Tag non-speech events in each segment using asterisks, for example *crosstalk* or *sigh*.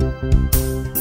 thank you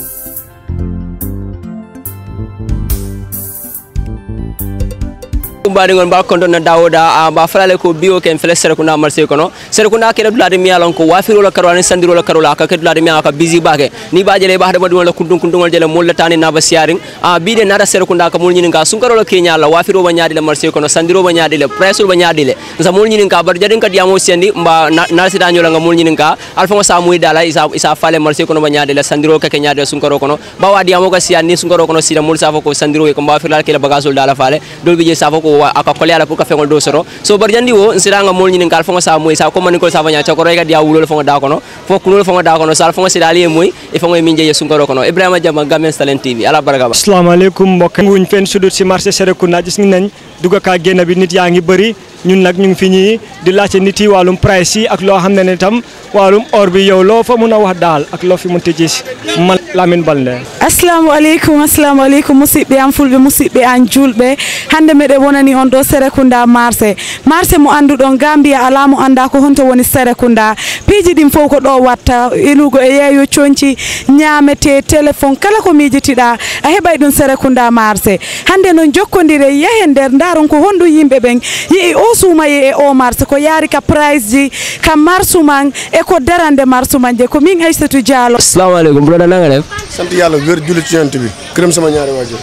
mbaɗigol mbakkon ɗon no dawoda mba falale ko biyo ken fele sere kuna marse kono sere kuna kede dulade miya lon ko wafirola karola ni sandirola karola ka kede dulade miya ka bisi bake ni ba jele bahade madi wala kundun kundun jele molla tani na ba siarin a bide nada sere kuna ka mul nyininga sun karola kenya la wafiro ba nyaadi le marse kono sandiro ba nyaadi le presul ba nyaadi le za mul nyininga bar jadin ka diamo sendi mba na sida nyola nga mul nyininga alfa mo samu dala isa isa fale marse kono ba nyaadi le sandiro ka kenya de sun karo ba wa diamo ka siani sun karo kono sida mul safo ko sandiro ko ba firla ke le bagazul dala fale dolbi je safo ko ko aka kole ala puka fengol dosoro so bar jandi wo nsiranga mol nyini ngal fongo sa moy sa ko mani ko sa fanya chakoro ga dia wulol fongo da kono fo kunol fongo da kono sal fongo sidali moy e fongo min jeje sungoro kono ibrahima jama gamen talent tv ala baraka ba assalamu alaikum mbokk nguñ fen sudut ci marché sere ku najis ngi nañ duga ka genna bi nit yaangi bari ñun nag ñu ngi fi ñii di laajte nit yi wàllum price yi ak loo xam ne tam walum or bi yow loo fa mun a wax dal ak loo fi mun te gis man Lamin Balde assalamu aleykum assalamu aleykum musidɓe an fulɓe musidɓe an julɓe hande meɗe wonani on ɗo sérékunda marché marché mo anduɗon gambiya ala mo anda ko honto woni sérékunda piiji ɗin fof ko ɗo watta ilugo e yeeyo coñci ñamete téléphone kala ko mijitiɗa a heɓay ɗum sérékunda marché hande noon jokkodire yahe nder daron ko honɗum yimɓe ɓen yii o suumaye e o marse ko yaari ka price ji kam marsuman e ko darande marsuman je ko min haysatou dialo assalamu aleykum broda nanga def sant yàlla wér julli ci yonent bi kërëm sama ñaari waajur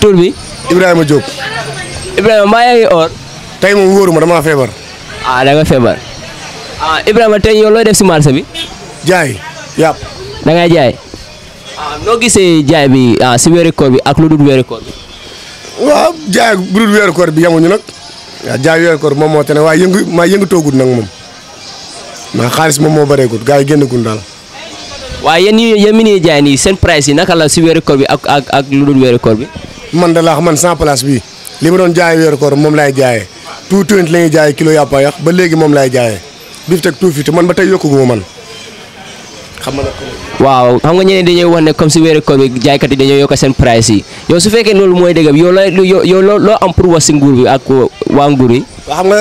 tur bi ibrahima diop ibrahima mbaa yaa ngi or tey moom wóoruma dama feebar ah da feebar ah ibrahima tey yow def si marché bi jaay yàpp da jaay ah, noo gisee jaay bi ah si weeru koor bi ak lu dul weeru koor bi jaay bu dul weeru koor bi yamuñu nag waaw jaay weeru koor moom moo te ne waaye yëngu maa yëngatoogul nag moom ndax xaalis moom moo bëreegul gars yi génnagul daal. waaye yéen ñii yéen mi ñuy jaay nii seen price yi naka la si weeru koor bi ak ak ak lu dul weeru koor man de la man sans place li ma doon jaay weeru moom laay jaayee tout tuuti la ñuy jaayee kilo yàpp ba léegi moom laay jaayee bif teg tout fii man ba tey yokku gu ma man. xam nga waaw xam nga ñeneen dañuy wax ne comme si weeru koor bi jaaykat yi dañoo yokk seen price yi yow su fekkee loolu mooy dëgg yow loo yow bi Wanguri. xam nga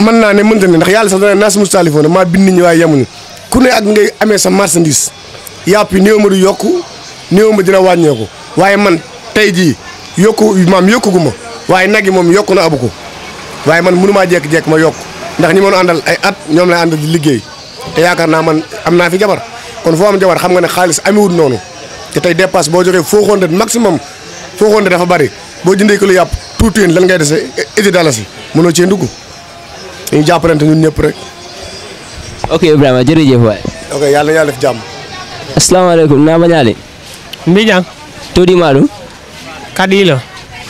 man na ne mën ne ndax yalla sax dana nas su ma bind ni way yemuñu ku ne ak ngay amé sa marchandise yàpp yi ma du dina wañeku waye man tay ji yokku mam yokkugu guma waye nagi mom na abu ko man munuma jek jek ma yokk ndax ni mon andal ay at ñom lay andal di liggey te yaakar na man amna fi jabar kon fo am jabar xam nga ne ami wut nonu te tay dépasse bo joxe fo xonde maximum fo xonde dafa bari jinde ko lu yap putin lan ngay déssé iti dalasi mëno ci ndugu ñu jappalante ñun ñëpp rek. ok Ibrahima jëf way ok yalla yalla def assalamu alaykum na ma mbi ñang Todi Malu. la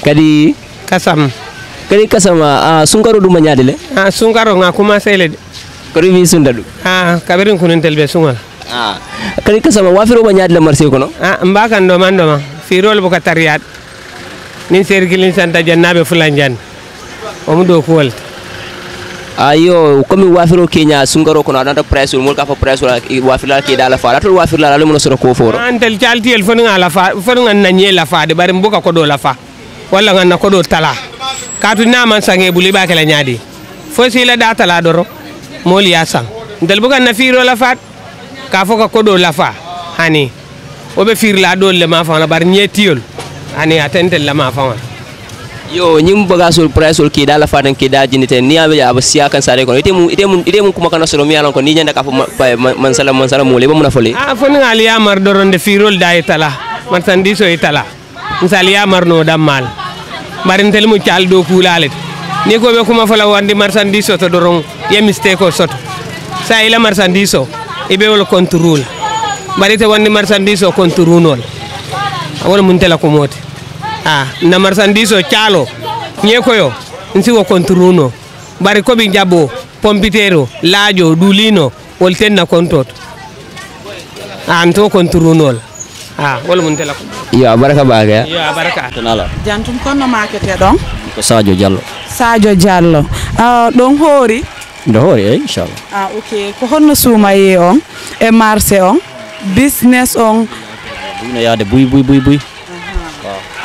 Kadi. Kasam. Kadi kasam ah, ah sunkaro duma ñadi le. ah sunkaro nga commencé le. Kadi mi sunda du. ah kabirin kunun telbe ah kadi kasama wafiro ba ñaade kono. ah mbakan do man do ma firol bu nin sergilin santa jannaɓe fulanjan omo do kuwalta ayo comme wafiro Kenya, sungaro kono nada presse mul ka fo presse wafirlal keeɗa dala fa tol wafirlal ala mono soto ko foro antel caltiyel fonuga lafa fonuga nañe lafade ɓari mboka koɗo lafa walla ganna koɗo tala katu naman buli ɓuli ɓakela ñaadi fo la da tala ɗoro mol ya san ntel boka na firo fa ka fo la fa hani oɓe firla ɗol le ma na nyetiol ani atente lama fawa yo ñim baga sul sul ki la fadan ki jini ten ni abe abe siya kan sare kono itemu mu itemu kuma kana solo mi ko ni nyanda ka man salam man salam mole ba muna fole ah fo ni ali amar doronde firol da itala man so itala ya mar no marin marintel mu cal do kulalet ni ko be kuma fala wandi so to doron ye mistake ko to sa ila so ibe wol control barite wandi marsandiso control wala mun tela ko mote ah na marsandiso chalo nye koyo nsi wo kontruno bari ko bi jabo pompitero lajo dulino wol ten na kontot an to kontrunol ah wala mun tela ko ya baraka baga ya baraka tanala jantum kono makete don ko sadio diallo sadio diallo uh, ah, don hoori nde hoori e eh, inchallah ah ok ko honno suumaye on e marse on business on buyno yaade buy buy buy buy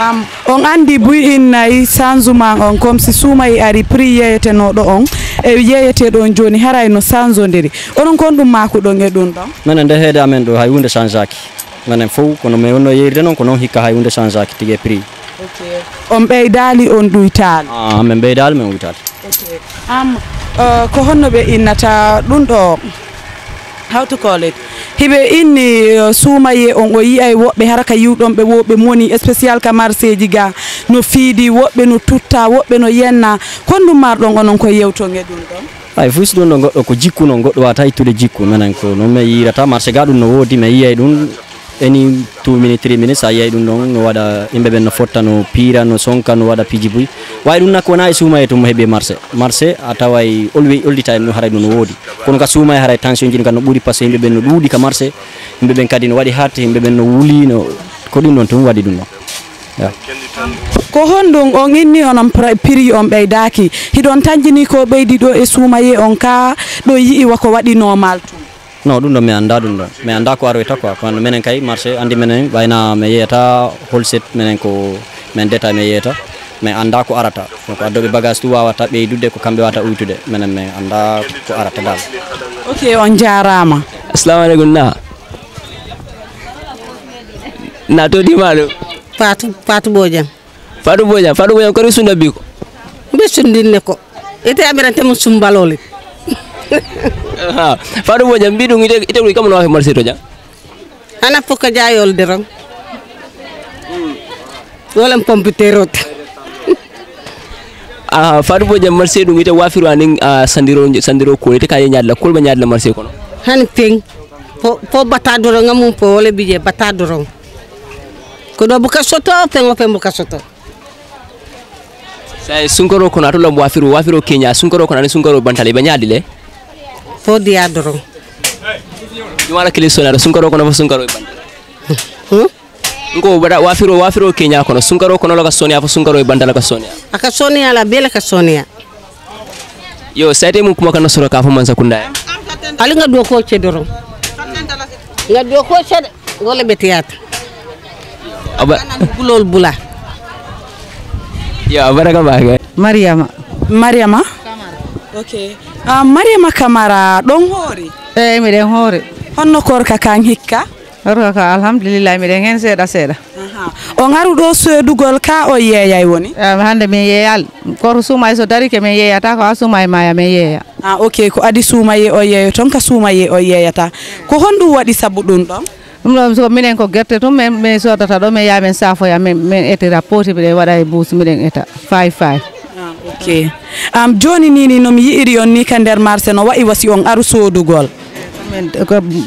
am on andi buy in nayi ah, changement on comme si suuma e ari prix yeyetenoɗo on e on joni harayno changediri onon kon ɗum makuɗon uh, e ɗum ɗon minen nde hede amen ɗo hay hunde changeaki minen fof kono mi wonno yeyrde noon ko noon hikka hay hunde changeaki tigui prix on ɓeydaali on ɗuytaali min ɓeydaali min ɗuytaali am ko honno ɓe innata ɗum ɗo how to call it hiɓe inni eh, suumaye on o yiya woɓɓe hara ka yiwɗonɓe woɓe moni spécial ka marché ji ga no fiidi woɓɓe no tutta woɓɓe no yenna kon ɗum marɗon onon koye yewtong ɗum ɗon ay fus ɗum ɗo goɗɗo ko noon goɗɗo wata ittude jikku minen ko noon mi yirata marché ga ɗum no woodi mi yiyay ɗum any 2 minutes 3 minutes ayay ɗum ɗon no waɗa yimɓe ɓen no fotta no piira no sonka no waɗa piji boyi wawi ɗum nakko wona e suuma e tum heeɓe marché marché a taway olwi oldita en no haray ɗum no woodi kono ka suuma e haray tension jini ka no ɓuuri par pasque yimɓe ɓen no ɗuuɗi ka marché yimɓe ɓen kadi no waɗi hatte yimɓe ɓen no wuuli no ko ɗum ɗon tum waɗi ɗum ɗon ko honɗum on inni onon prix on ɓeydaki hiɗon tanjini ko ɓeydi ɗo e suumaye on ka ɗo yii wako waɗi normal to no ɗum ɗo mi annda ɗum ɗon mi annda ko aroyta quoi kono menen kay marché andi menen wayna mi yeyata holset menen ko men deta mi yeyata me annda ko arata ko addoɓe bagage tu wawata ɓeydude ko kamɓe wata uytude menen me anda ko arata dal ok on jarama assalamu aleykum na na di ɗo fatou fatou bojam fatou bojam fatou bojam kori sunda biko mbe sundinne ko ite amirante mum sumbalole Ah, Fadu mo jam mbiɗum ite ite ɓuri kam no wawi marsido jam hana fof ko jayolde ron wolam computer ot a faɗo mo jam ite wafiro anin sandiro sandiro kol ite kaye kul kol ma ñadla mar kono han peng fo bata batadoro ngam fo wala bije bata batadoro ko do buka soto pengo pengo buka soto sai sunkoro kono atolo wafiro wafiro kenya sunkoro kono ani sunkoro bantali ba nyaadile fo diya doron jumala kili sonara sunkaro kono fo sunkaro bande hm? nko bada wafiro wafiro kenya kono sunkaro kono laga sonia fo sunkaro bande laga sonia aka sonia la bela ka sonia yo sate mun kuma kana sura ka fo mansa kunda ya. ali nga do ko ce doron nga do ko ce wala betiyata aba bulol bula ya baraka baga mariama mariama ok uh, ah, mariama camara ɗon hoore eyi eh, miɗen hoore honno korka kan hikka korka ka alhamdulillah miɗen hen seeɗa seeɗa on aruɗo seedugol ka o yeeyay woni eh, hande min yeeyal koto suumay so dari ke min yeeyata ko ha suumay maya min yeeya a ah, ok ko adi suumaye o yeeyo toon ka suumaye o yeeyata ko honɗum waɗi sabu ɗum ɗon ɗum ɗon so minen ko guerte tum min min sodata ɗo min yaa min safoya min min etira pooti miɗen waɗa e buus miɗen eta fay fay ok am um, joni nini nomi yi'iri on ni ka nder marché no wayi wasi on aru sodugol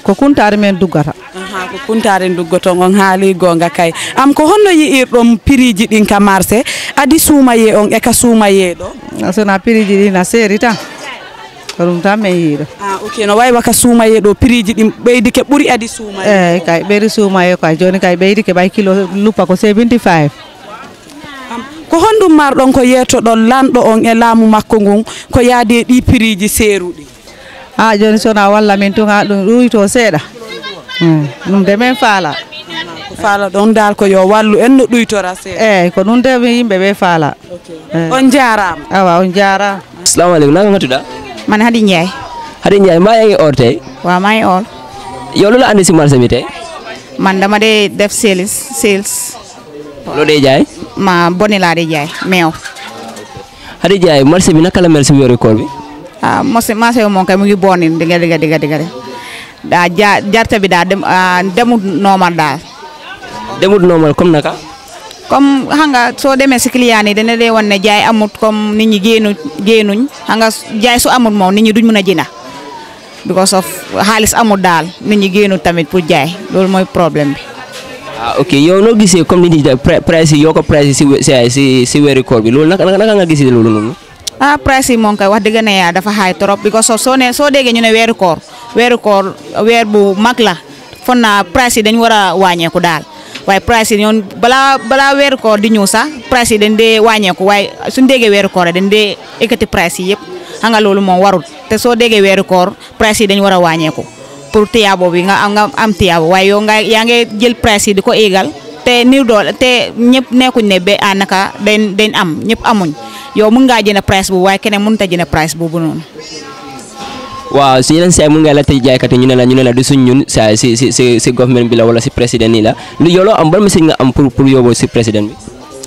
ko kuntare men duggata ko kuntare duggoto on haali gonga kay am um, ko honno yi'irɗon piriji ɗin ka marché adi suumaye on e ka suumayeɗo sona piriji ɗi na seeri tan ko ɗum tan men yiiɗo ah, ok no wayi waka suumaye ɗo piriji ɗin ɓeydi ke ɓuuri adi suumaye eyi kay ɓeydi suumaye kay joni kay ɓeydi ke ɓay kilo luppa ko 75 ko honɗum marɗon ko yettoɗon lanɗo on e laamu makko ngun ko yaadi e ɗi piriji seeruɗi ha joni sona walla min tun ha ɗum ɗuyto seeɗa hmm, ɗum de min faala ko faala ɗon dal ko yo wallu en no ɗuytora seeɗa eyyi eh, ko ɗum de yimɓe ɓe faala eh. on jarama awa on jarama assalamu aleykum nanga gattuɗa mana haadi jeey haadi jeey ma yeyi or tey wa ma e or yo lola andi si marché mi tey man dama de def sales sales lo loɗe jeey ma bone laa di jaay meew. Xadi Jaay marché bi naka la mel si weeru koor bi. ah marché marché bi moom kay mu ngi bonni diga diga diga diga daa ja jarte bi daa dem ah, demut normal daal. demut normal comme naka. comme xam soo demee si client yi dana dee woon ne jaay amut comme nit ñi génnu génnuñ jaay su amut moom nit ñi duñ mën a jina because of xaalis amut daal nit ñi tamit pour jaay loolu mooy problème ah ok yow noo gisee comme ni ñu price loolu naka naka nga gisee loolu noonu. ah price yi moom kay soo nee ñu ne weeru koor weeru koor weer bu mag la fon naa price yi dañ war a wàññeeku daal. waaye price yi ñoom balaa balaa weeru koor di ñëw sax price yi dañ dee wàññeeku waaye suñ déggee weeru koor dañ dee ekkati price yi yëpp xam nga loolu moom warul te soo déggee weeru koor price yi dañ war a wàññeeku. pour tiyaabo bi nga am nga am tiyaabo waaye yow nga yaa ngi jël price yi di ko éegal te niw doole te ñëpp nekkuñ ne ba ànaka dañ dañ am ñëpp amuñ yow mun ngaa jënd price boobu waaye keneen mënut a jënd price boobu noonu. waaw si yeneen saa yi mun ngaa la tey jaaykat yi ñu ne la ñu ne la du suñ ñun sa si si government bi la wala si président yi la lu yooloo am ban message nga am pour pour si président bi.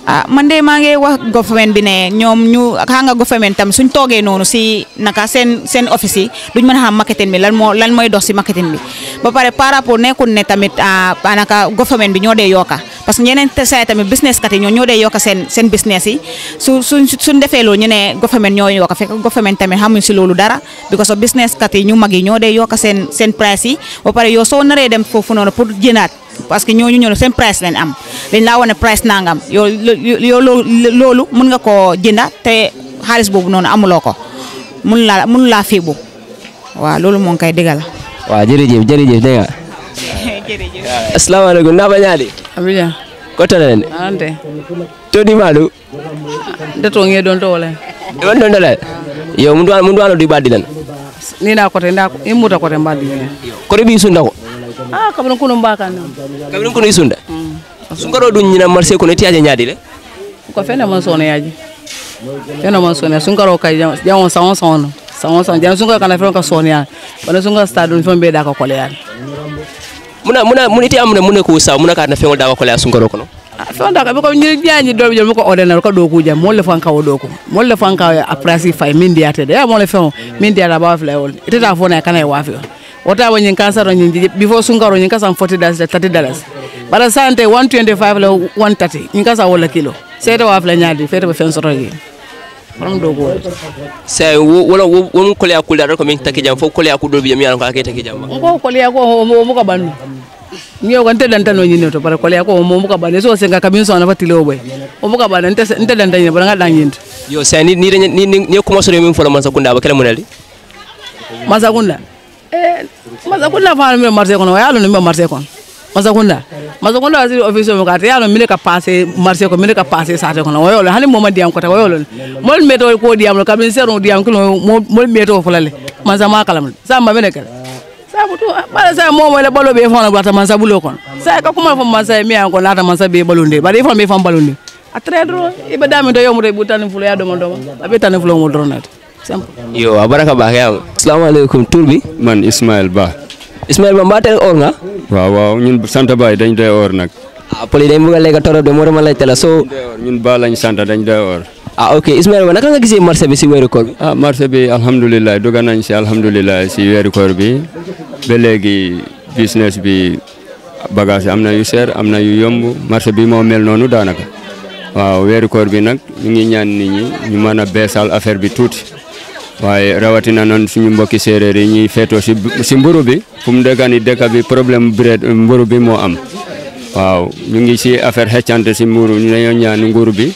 ah man de maa ngi wax government bi ne ñoom ñu xa nga government tam suñ toogee noonu si naka seen seen office yi duñ mën a xam marketing bi lan moo lan mooy dox si marketing bi ba pare par rapport nekkul ne tamit ah, naka government bi ñoo dee yokka parce que ñeneen say tamit business kat yi ñoo ñoo dee yokka seen seen business yi su suñ defee loolu ñu ne government ñoo yokka fekk government tamit xamuñ si loolu dara because of business kat yi ñu mag yi ñoo dee yokka seen seen price yi ba pare yow soo naree dem foofu noonu pour jënaat parce que ñooñu ñoo sen presse lañ am dañ la wane presse nangam yo yo loolu mun nga koo jënda te xaalis boobu noonu amuloo ko mun laa mun laa féebu waaw loolu moo ngi koy dëggal. waaw jërëjëf jërëjëf dégg nga. *laughs* jërëjëf. asalaamaaleykum naa ba ñaari. Abidjan. kota na leen. ante. todi malu. Ah, dato ngeen doon tawale. doon doon tawale. yow mu doon di badilan, len. ni naa côté ndaa ko imuta ko te mbaadi len. re bi sunda ah kabulon kuno mbaka no kabulon kuno isunda mm. sungaro dun nyina marché kuno tiaje nyaadile ko fena mon sono yaaji fena mon sono sungaro kay jamo sawon sawon sawon sawon jamo sungaro kana fena ka sono ya bana sungaro stade dun fombe da ko kole ya muna muna muniti amna mune ko sa muna ka na fena da ko kole ya sungaro kuno ah, fɛn dɔ ko ɲiri diya ɲi dɔ bi jɔ ko ɔdɛnɛri ko dɔw k'u jɛ mɔli le fan kawo dɔw ko mɔli le fan kawo a pilasi fa ye min diya tɛ dɛ e y'a min diya la a b'a fila ye o i tɛ taa kana ye waa wata wotaba ñin kansaro ñin before sunga ñin kasan 40 dollars la 30 dollars bara sante 125 la 130 ñin kasa wala kilo sete wa fla ñaadi fete ba fen soro yi ram do go say wala wo mo kolya kula ko min take jam fo kolya ku do bi jam yan ko ake take jam ko kolya ko mo mo ka bandu mio ko nte danta no ñin to bara kolya ko mo mo ka bandu so senga kamin so na fatilo boy o mo ka bandu nte nte danta ñin bara nga dangin yo say ni ni ni ni ko mo soro min fo man sakunda ba kala munali masakunda Eh, mazakunda fana mimi marché kono yalo ni mimi marché kono mazakunda mazakunda waziri office mo kate yalo mimi ka passé marché ko mimi ka passé sate kɔnɔ o yalo hani mo ma diam kota o yalo mol meto ko diam lo kamin sero diam kilo mol meto fulale mazama kalam sa ma mene kala sabu tu ah, bala sa mo mo le balo be bata man sa bulo kono sa ka kuma fo man sa e mi an ko lata man sa be balo balonde bari fo mi fo balo balonde a très drôle ibe dami to yomude bu tan fulo ya do domo be tan fulo mo dronat yow waa baraka baax yaa ngi. asalaamaaleykum man Ismaël Ba. Ismaël Ba mbaa tey or waaw ñun ñun sant baay dañ dee or nag. ah poli dañ bëgg a lekk torop de moo dama laajte la soo. ñun Ba lañ sant dañ dee or. a ah, ok Ismaël Ba naka nga gisee marché bi si weeru koor bi. ah marché bi nañ si alhamdulilah si weeru koor bi ba léegi business bi bagage am na yu seer am na yu yomb marché bi moo mel noonu daanaka waaw weeru koor bi nag ñu ñaan nit ñi ñu mën a beesal affaire bi tuuti. waaye rawatina noonu suñu mbokki séeréer yi ñuy feetoo si si mburu bi fu mu dëkka ni dëkka bi problème bread mburu bi moo am waaw ñu ngi si affaire xeccante si mburu ñu dañoo ñaan bi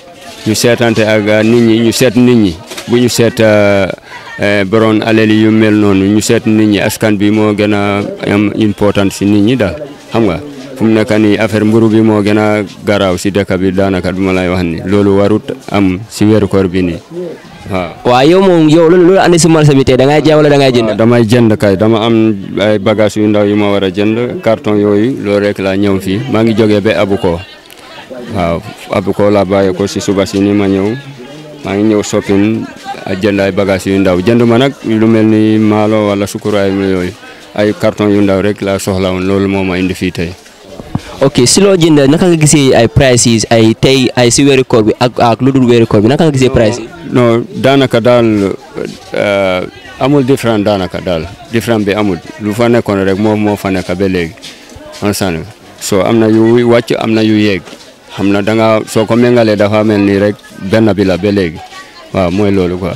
ñu seetante ak uh, nit ñi ñu seet nit ñi bu ñu seet uh, uh, borom alal yu mel noonu ñu seet nit ñi askan bi moo gën a am important si nit ñi daal xam nga fu mu ni nii affaire mburu bi moo gën a garaaw si dëkk bi daanaka duma lay wax ni loolu warut am si weeru koor bi nii wa mung mo yo lolu lolu andi sumal sabite ya. da ngaja wala da ngajin jënd dama jënd kay dama am ay bagage yu ndaw yu ma wara jënd carton yoyu lo rek la ñew fi ma ngi joge be abuko waaw abuko la baye ko ci suba ci ni ma ñew ma ngi ñew shopping jënd ay bagage yu ndaw jënd ma nak lu melni malo wala sukuraay yoyu ay carton yu ndaw rek la soxla won lolu moma indi fi tay ok si lo jënd naka nga gisee ay prices ay tay ay si wéru koor ak ak ludul wéru koor bi naka prices non daanaka daal uh, amul different daanaka daal different bi amul lu fa nekkoon rek mo mo fa nekk ba léegi on soo am na yu wàcc am na yu yéeg xam na da nga so ko méngalee dafa mel ni rek benn bi la ba léegi waaw mooy loolu quoi.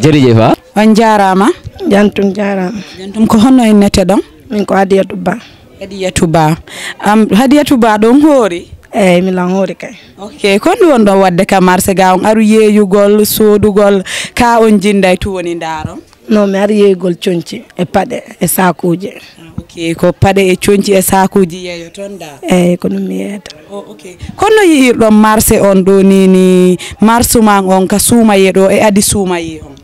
jërëjëf ah. on jaaraama. jantum jaaraama. jantum ko honno en nette ɗon. min ko adiyatu ba. adiyatu ba am adiyatu ba ɗon hoori eyyi eh, mi hoori kay ok ko ɗum won ɗon wadde kam marché ga on aru yeeyugol soodugol ka on jinda e tu woni ndaro non mi ara yeeyugol coñci e paɗe e sakuji ok ko paɗe e coñci e sakuji yeeyo toon da eyyi eh, ko ɗum mi yeyata o ok yi yeyirɗon marché on ɗo ni ni on ka suumaye ɗo e adi suumaye on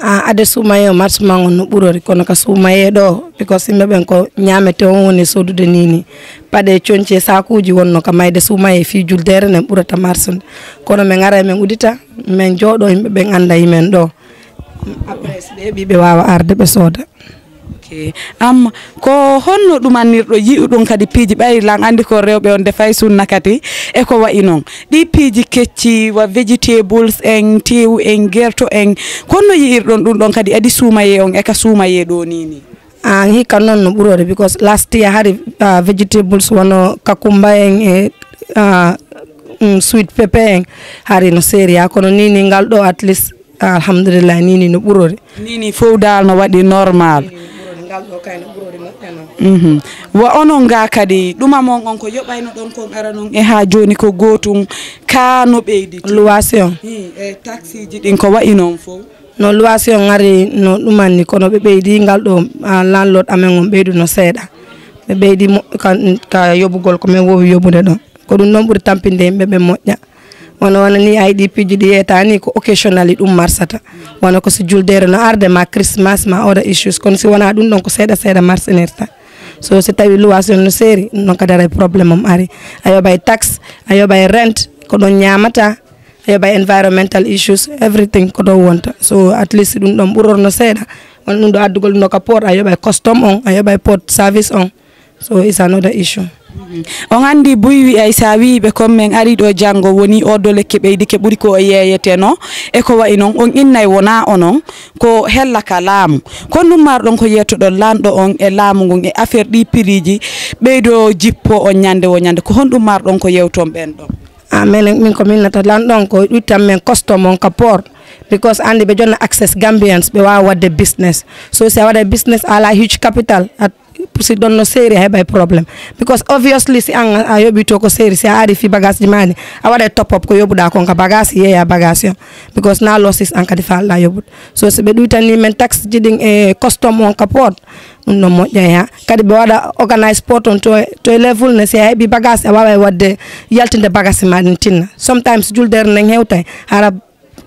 a ah, ade suumaye o marché no ɓurori kono ka suumaye ɗo because yimɓe ben ko ñamete on woni sodude nini paɗe chonche sakuji wonno ka mayde sumaye fi juldere nden ɓurata marché kono min ara men udita min jooɗo yimɓe ɓen anda yimen ɗo après be bi be wawa arde ɓe sooda ok ko honno ɗumannirɗo yi'uɗon kadi piiji ɓayi lan andi ko rewɓe on defay sunna kadi eko wayi noon ɗi piiji kecci wa vegetables en tewu en guerto en konno yi'irɗon ɗum ɗon kadi adi suumaye on eka suumaye ɗo nini an hikka noon no ɓurode because last year hari uh, vegetables wono kakumba en e uh, um, sweet pepe en hari no séria kono nini ngal ɗo at least alhamdulillah nini no ɓurori nini fof dal no waɗi normal mm. ngal ɗo kayno ɓurori moƴƴano wa onon nga kadi ɗumamon on ko yoɓayno ɗon kon ara noon e ha joni ko gotum ka no ɓeydi luwasi on e taxi ji ɗin ko wayi noon fof no luwasi on ari no ɗumanni kono ɓe ɓeydi ngal ɗo landlord amen on ɓeyduno seeɗa ɓe ɓeydi ka yobugol komin wowi yobude ɗon ko ɗum noon ɓuuri tampinde yimɓe ɓe moƴƴa wono wonani ayɗi piji ɗi yetani ko occasionnali ɗum marsata wono ko so juldere no arde ma christmas ma oda issues kono si wona ɗum ɗon ko seeɗa seeɗa marsinirta so si tawi loisir no seri ɗum ɗon kadi ara probléme om ari ayo bay e taxe bay rent e rente ko ɗon ñamata ayo bay environmental issues everything ko do wonta so at least ɗum ɗon ɓurorno seeɗa wona ɗum ɗo addugol no ka port ayo bay e custom on ayo bay e port service on so is another issue on andi wi ay sa wi ɓe comme min ari ɗo janggo woni o oɗo lekke ke ɓuuri ko o e ko wayi noon on innay wona onon ko hella ka laamu ko ɗum maro ko yettoɗon lanɗo on e laamu ngon e affaire ɗi piriji ɓeydo jippo on ñande wo ñande ko honɗum maro ko yewton ɓen ɗon a ah, minen min ko minnata lanɗon ko ƴuttan men custom on ka port because andi ɓe jonna access gambians ɓe wawa wadde business so si a waɗa business ala huge capital at si don no seri a heɓay problem because obviously si an a ah, yoɓito ko seri si a ari fi bagage di mani a top up ko yoɓuɗa kon ka bagage yeeya because na losses an di fa alɗa so be duita ni men tax di ding e custom on ka pot no mo ya ya kadi ɓe waɗa organize pot on to to level ne si a bi bagas a wawa wadde yaltinde bagage ma tinna sometimes juldere nden hewtay hara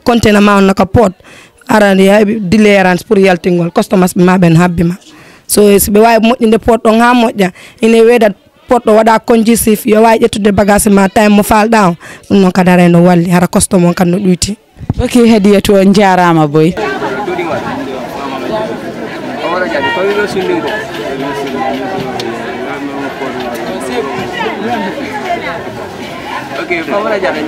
container ma on ka pot aran ya dile aran pour yaltingol customers ɓe ma ben habima so so ɓe wawi moƴƴinde poɗɗon ha moƴƴa ina weedat poɗɗo waɗa conjusif yo wawi ƴettude bagage ma time mo fal o ɗum noon kadi ara no walli hara costome on kadi no ɗuyti ok hadiya to on jarama boy ok fawara jara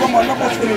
Vamos, no construir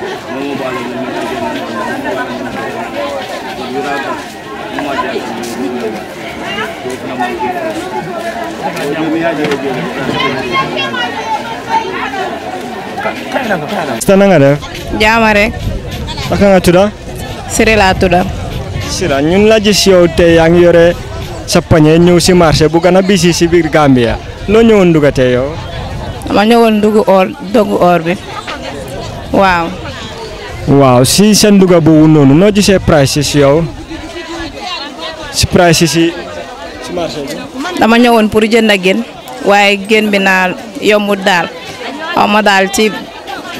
mengubahnya dengan Yuraba ya, mmoja Stana nga def? Jaama rek. Naka nga tudda? Siri laa tudda. yore sa pañe ñëw si marché bu gën a bisi si biir Gambia loo ñëwoon or dogu or bi waaw. Wow si seen duga no noonu se price prices yow si prices si marché bi. dama ñëwoon pour jënd gën waaye gën bi naa yombut daal xaw bila ci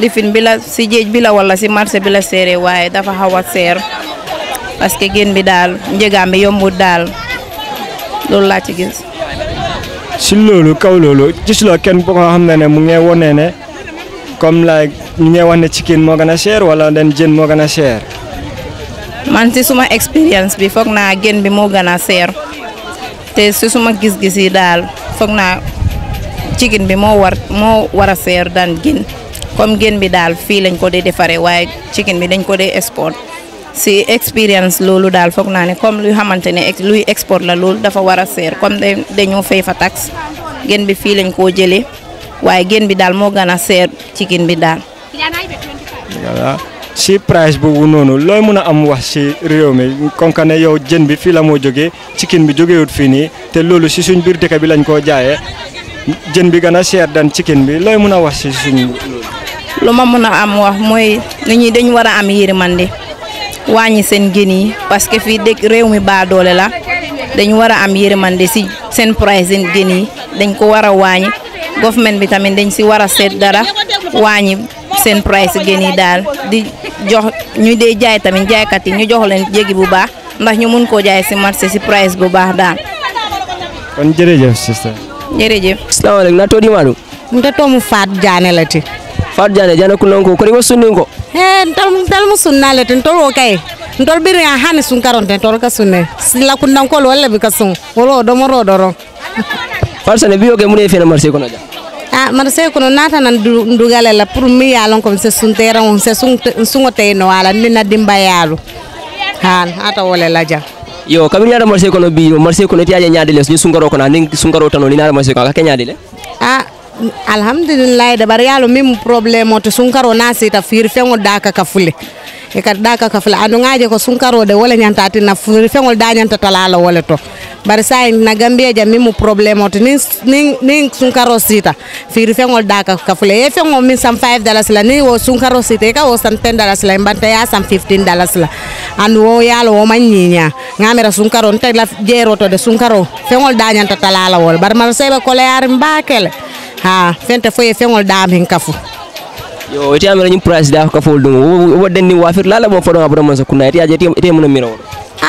lifin bi la si jej bi la wala si marché bi la seere waaye dafa xaw a seer parce que gën bi daal njëgaam bi yombut daal loolu ci gis. si kaw gis lo ko mu like ñu ngi wax ne chicken moo gën a cher wala leen jën moo gën a cher. man si suma expérience bi foog naa jën bi moo gën a cher te si suma gis-gis yi daal foog naa chicken bi moo war moo war a cher daan jën comme jën bi daal fii lañ ko dee defaree waaye chicken bi dañ ko di export si expérience loolu daal foog naa ne kom luy xamante ne luy export la loolu dafa war a cher comme dañoo fay fa tax jën bi fii lañ koo jëlee waaye gën bi daal moo gën a cher chicken bi daal. wala ya. si price bu nonu loy muna am wax si réew mi comme que yow jeun bi fi la mo jógee chicken bi jógeewut wut fini te lolu si suñ bir dëkk bi lañ ko jeun bi gëna cher dan chicken bi loy muna wax si suñ luma ma am wax moy nit ñi dañ war a am yërmande wañi seen gën parce que fi dëkk mi doole la dañ war am yërmande si sen price seen gën dañ ko wara wañi government bi tamit dañ si wara set dara wañi sen price gën yi di jox ñu dé jaay tamit jaay kat ñu jox leen jéegi bu baax ndax ñu mën ko jaay ci marché ci price bu baax daal kon jërëjëf sister jërëjëf alaykum na toodi maɗum ɗum ta tomu fat la ti fat jane jane kulonko kodi wo sunninko e ndal mu sunna la ti ndol kaye ndol biri nga xane sun karonté ndol ka sunne sila kundankol walla bi ka sun wolo domoro doro farsa ne mu ke fi na marché na ja a ah, mara sai kono nata nan ndugala la pour mi yalon comme c'est sun terrain on c'est sun sungo tay no wala ni na dimba yalu han ata wala la ja yo kabin nyaada marse kono bi marse kono tiaje nyaade les ni sungaro kono ni sungaro tano ni nyaada marse kono ka nyaade le a ah, alhamdulillah da bar yalo mim problème to sunkaro na sita fir fengo daka ka fule e ka daka ka fule anu ngaje ko sunkaro de wala nyanta na fir fengo da nyanta talala wala to bari na gambia jami mu problème ot ni ni sunkaro sita firi fengol daka ka fule ye fengo min sam 5 dollars la ni wo sunkaro sita ka wo sam 10 dollars la mbanta ya sam 15 dollars la and wo yalo wo manyinya ngamera sunkaro nte la jero to de sunkaro fengol danyan nyanta talala wol bar mar sebe kole yar mbakele ha fente fo ye fengol dam hin kafu yo ti amere ni price da ka fo dum wo denni wafir lala mo fo do abdo mon sa kunna ti aje ti mo miro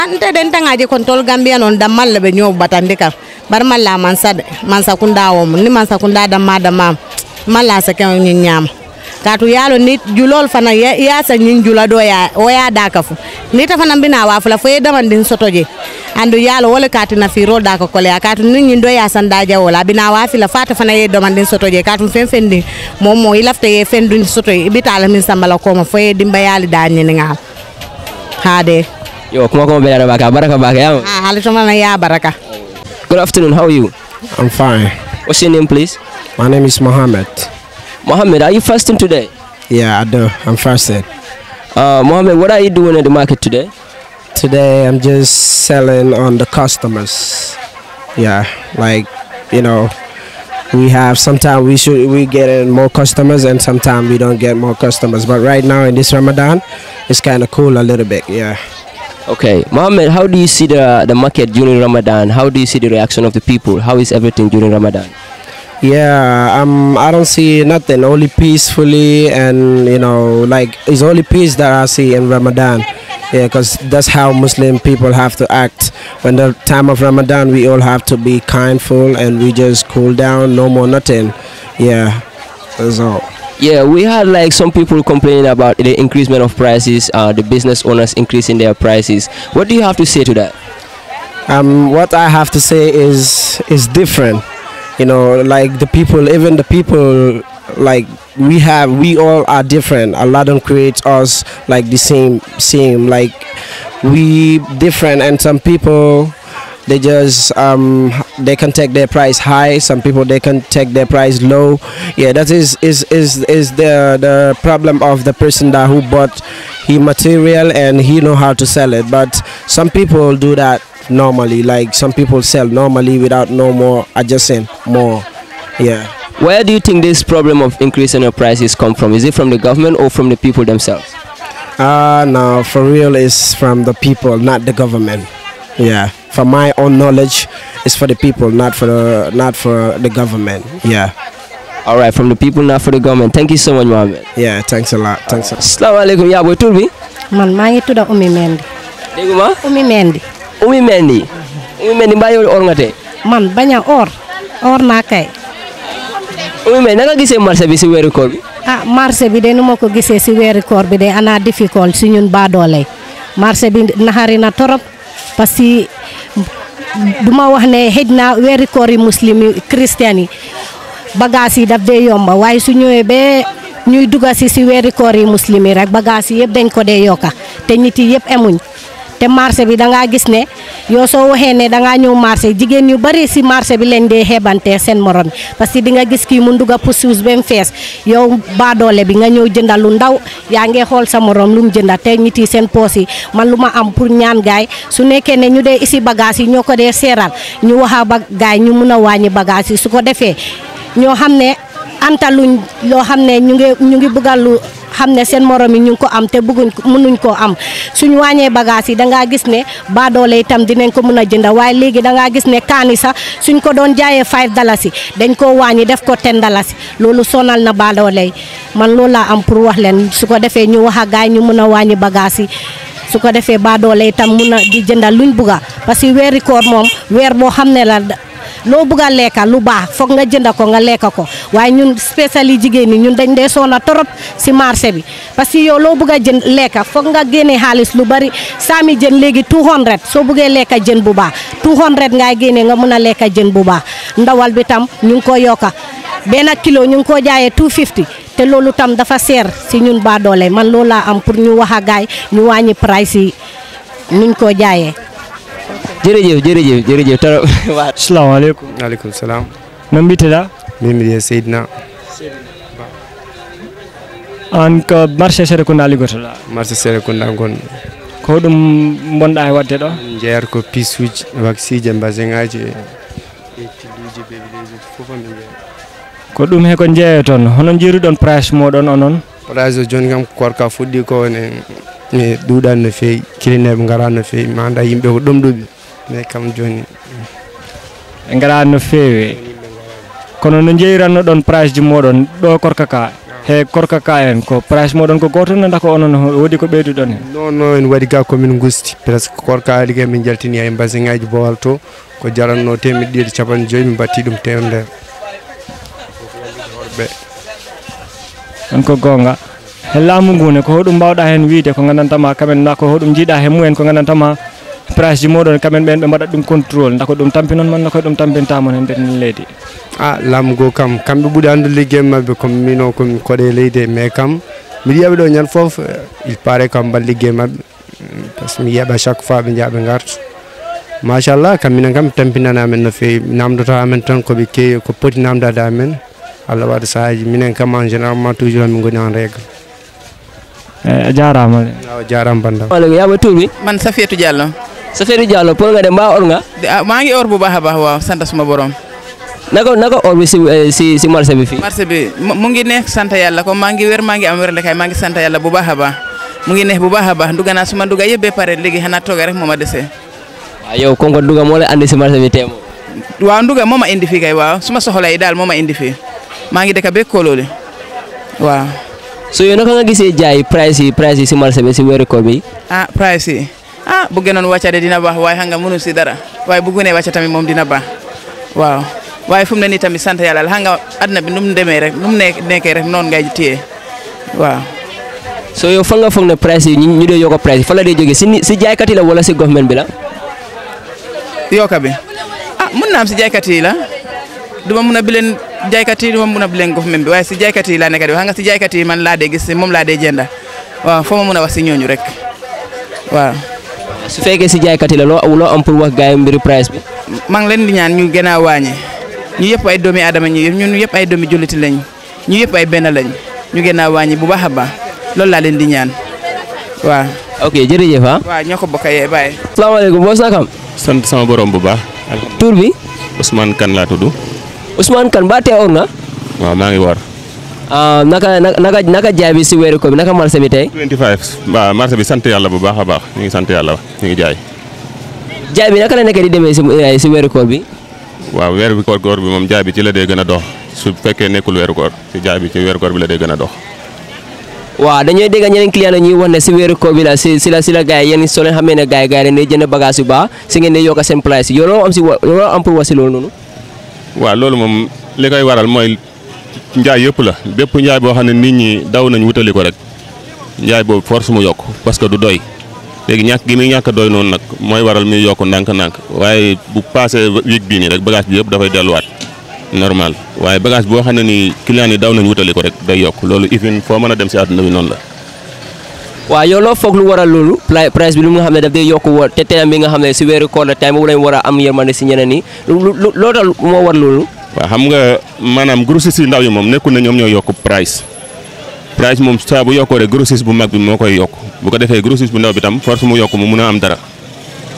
ante te den tangaji kon gambia non dammal be nyob batande kam bar malla man sade man sa kunda wom ni man sa kunda damma damma malla sa kan ñi ñam katu yalo ni julol fana ya, ya sa ñin jula do ya o ya da kafu ni ta fana bina wa fula foye daman din sotoje andu yalo wala katu na fi rol da ko kole katu ni ñin do ya san da ja wala bina wa fila fata fana ye daman din sotoje katu fen fen ni mom mo ilafta ye fen dun sotoje bitala min sambala ko ma foye dimba yali da ni ngal hade Yo, kuma kuma bela baraka. Baraka baraka Ah, baraka. Good afternoon. How are you? I'm fine. What's your name, please? My name is Mohammed. Mohammed, are you fasting today? Yeah, I do. I'm fasting. Uh, Mohammed, what are you doing at the market today? Today, I'm just selling on the customers. Yeah, like you know, we have sometimes we should we get more customers and sometimes we don't get more customers. But right now in this Ramadan, it's kind of cool a little bit. Yeah. Okay, Mohammed, how do you see the, the market during Ramadan? How do you see the reaction of the people? How is everything during Ramadan? Yeah, um, I don't see nothing. Only peacefully, and you know, like it's only peace that I see in Ramadan. Yeah, because that's how Muslim people have to act. When the time of Ramadan, we all have to be kindful and we just cool down. No more nothing. Yeah, that's all. Yeah, we had like some people complaining about the increasement of prices, uh, the business owners increasing their prices. What do you have to say to that? Um, what I have to say is is different. You know, like the people, even the people, like we have, we all are different. don't create us like the same, same. Like we different, and some people they just um, they can take their price high some people they can take their price low yeah that is is is is the the problem of the person that who bought he material and he know how to sell it but some people do that normally like some people sell normally without no more adjusting more yeah where do you think this problem of increasing your prices come from is it from the government or from the people themselves Ah, uh, no, for real, it's from the people, not the government. Yeah. from my own knowledge, it's for the people, not for the not for the government. Yeah. All right, from the people, not for the government. Thank you so much, Mohammed. Yeah, thanks a lot. Thanks. Assalamu alaikum. Yeah, we told me. Man, my to the Umi Mendi. Deguma? Umi Mendi. Umi Mendi. Umi Mendi, buy your or ngate. Man, banya or or nakai. Umi Mendi, naga gise marse bisi weru korbi. Ah, marse bi de numo ko gise si weru korbi de ana difficult si nyun badole. Marse bi nahari na torop pasi du ma wax ne xëj na weeri koor yi muslim yi christian yi bagages yi daf dee yomba waaye su ñëwee bee ñuy duga si si weeri koor yi muslim yi rek bagages yi yëpp dañ ko dee yokka te nit yi yëpp emuñ te marché bi da ngaa gis ne yow soo waxee ne da ngaa ñëw marché jigéen ñu bari si marché bi leen dee xeebante seen morom parce que di nga gis kii mun ndugg a pousse ba mu fees yow doole bi nga ñëw jëndal lu ndaw yaa ngi xool sa morom lu mu jëndal te ñit yi seen poos yi man lu ma am pour ñaan gaay su nekkee ne ñu dee isi bagage yi ñoo ko dee seeral ñu waxa ba yi ñu mun a wàññi bagaas yi su ko defee ñoo xam ne antaluñ loo xam ne ñu ngi ñu lu xam ne seen morom yi ñu ngi ko am te bëgguñ mënuñ koo am suñ wàññee bagage yi dangaa gis ne baadoole itam dinañ ko mun a jënda waaye léegi dangaa gis ne kaani sax suñ ko doon jaayee five dalasi dañ koo wàññi def ko ten dalasi loolu sonal na baadoole man loolu laa am pour wax leen su ko defee ñu wax a gaay ñu mën a wàññi bagage yi su ko defee baadoole itam mun a di jëndal luñ bugga parce weeri koor moom weer boo xam ne la loo bugg a lekka lu baax foog nga jënd ko nga lekka ko waaye ñun spécial yi jigéen ñi ñun dañ dee soona torop si marché bi parce que yow loo bugg a jënd lekka foog nga génne xaalis lu bari saami jën léegi 200 soo buggee lekka jën bu baax 200 ngay génne nga mun a lekka jën bu baax ndawal bi tam ñu ngi ko yokka benn kilo ñu ngi ko jaayee 250 te loolu tam dafa seer si ñun baa baadoole man loolu laa am pour ñu wax a gaay ñu wàññi price yi nuñ ko jaayee jërëjëf jërëjëf jërëjëf alaikum waaw salaamaaleykum waaleykum salaam no mbiiteɗa min mbiɗe seydina an ko marché sérékunda liggotoɗa marché sérékunda gonɗo ko hoɗum bonɗa e wadde ɗo jeeyata ko pisuji waxiji basin ngaji e pilluji bebileji fof mi jeeya ko ɗum ko jeeya toon hono don price moɗon onon price o joni kam korka fuɗɗi ko en mi ɗuɗani no feewi kilineɓe gara no feewi ma anda yimɓe ko ɗum ɗuɓe mais kam joni ɓe garani no feewi kono no jeyiranno ɗon price ji moɗon ɗo korka ka he korka ka en ko price moɗon ko goto nanda ko onon woodi ko ɓeyduɗon hen non non en waɗi ga komin gusti presque korka ali ke min jaltini hay e basin ngaji bowal to ko jaranno temedde ɗiɗi e capanɗe joyi min batti ɗum temedere ɗon ko gonga lamu gune ne ko hodum bawda hen wiide ko ma kamen na ko jida hen mu en ko ma price ji modon kamen dum control ndako dum tampi non man tampinon mon nako ɗum tampintamon hen den leedi a lamu go kam kambe budi andude ligguey mabbe ko mino ko ko de leedi e me kam mi yiyaɓe do ñande fof il paraît kam bal ligguey e mabɓe par mi yaba chaque fois ɓe jaaɓe garta machallah kam minen kam tampinana amen no namdo ta amen tan be ke ko poti da amen allah waɗa sahaji minen kam en ma toujours mi ngoni en règle jarama eh, jarang bandam ya, wala yaaba tuumi man safietu diallo safietu diallo pour nga dem ba or nga ah, maa ngi or bu baax a baax waaw sant suma borom naka naka or bi eh, si si si marché bi fii marché bi mu ngi neex sant yàlla ko maa ngi wér maa ngi am wér kay maa ngi sant yàlla bu baax a baax mu ngi neex bu baax a baax nduga naa suma nduga yëpp pare léegi xanaa tooga rek moo ma desee waaw ah, yow kon ko nduga moo la andi si marché bi teemo waaw nduga moo indi fii kay waaw suma soxla yi daal indi fii maa ngi dëkk bee kóolooli waaw so yo naka nga gisee jaay price pricey, price yi si marché bi si wéru ko bi ah price eh. ah bu wacha de dina bax way hanga munu mënu si dara way bu gune wacha tamit mom dina baax waaw way fum mu ne nii tamit sante yalla hanga adna bi num mu rek num nek rek non ngay eh. waaw so yo fa nga fa ne price ñi ñu dee yokk price la si jai katila yi la wala si government bi la be. bi ah mën na am si kat yi la duma mëna bi len jay yi moom muna bleng leen ko si jay yi la nekk di wax nga si jay yi man la de gis mom la de jenda wa fo mo muna wax si ñooñu rek wa su fege si jay yi la loo loo am pour wax gaay mbiri price bi. ngi di ñaan ñu gëna a ñu yëpp ay doomi adama ñu ñun yëpp ay doomi juliti lañ ñu yëpp ay ben lañ ñu gëna a bu baaxa ba lool la len di ñaan wa ok jere ah. ha wa ñoko bokaye eh, bay assalamu alaykum bo nakam. sant sama borom bu baax. tour bi. Ousmane Kan la tuddu Ousmane Kane ba tey or nga. waaw maa ngi woor. Ah, naka naka naka jaay bi si weeru ko bi naka marché bi tey. 25 bi sant yàlla bu baax a baax ñu ngi sant yàlla ñu ngi jaay. jaay bi naka la nekk di demee si eh, si bi. waaw weeru bi koor bi moom jaay bi ci la dee gën a dox su fekkee nekkul weeru koor jaay bi ci weeru koor bi la dee gën a dox. waaw dañooy dégg ñeneen client la ñuy wax ne si weeru koor bi la si si la si la gars yi yéen soo leen xamee ne jënd bagage waaw loolu moom li koy waral mooy njaay yëpp la bépp njaay boo xam ne nit ñi daw nañ wutali ko rek njaay boobu force mu yokk parce que du doy léegi ñàkk gi muy ñàkk doy noonu nag mooy waral muy yokk ndànk-ndànk waaye bu passé week bii nii rek bagage bi yëpp dafay delluwaat normal waaye bagage boo xam ne nii client yi daw nañ wutali ko rek day yokk loolu ifin foo mën a dem si àdduna bi noonu la. waaw yow loo foog lu waral loolu price bi lu nga xam ne daf day yokk woon te team bi nga xam ne si weeru koor la time boobu lañ war a am yërmande si ñeneen ñi loo tax moo war loolu waaw xam nga maanaam grossiste yu ndaw yi moom nekkul ne ñoom ñoo yokk price price moom saa bu yokkoo rek grossiste bu mag bi moo koy yokk bu ko defee grossiste bu ndaw bi tam force mu yokk mu mun a am dara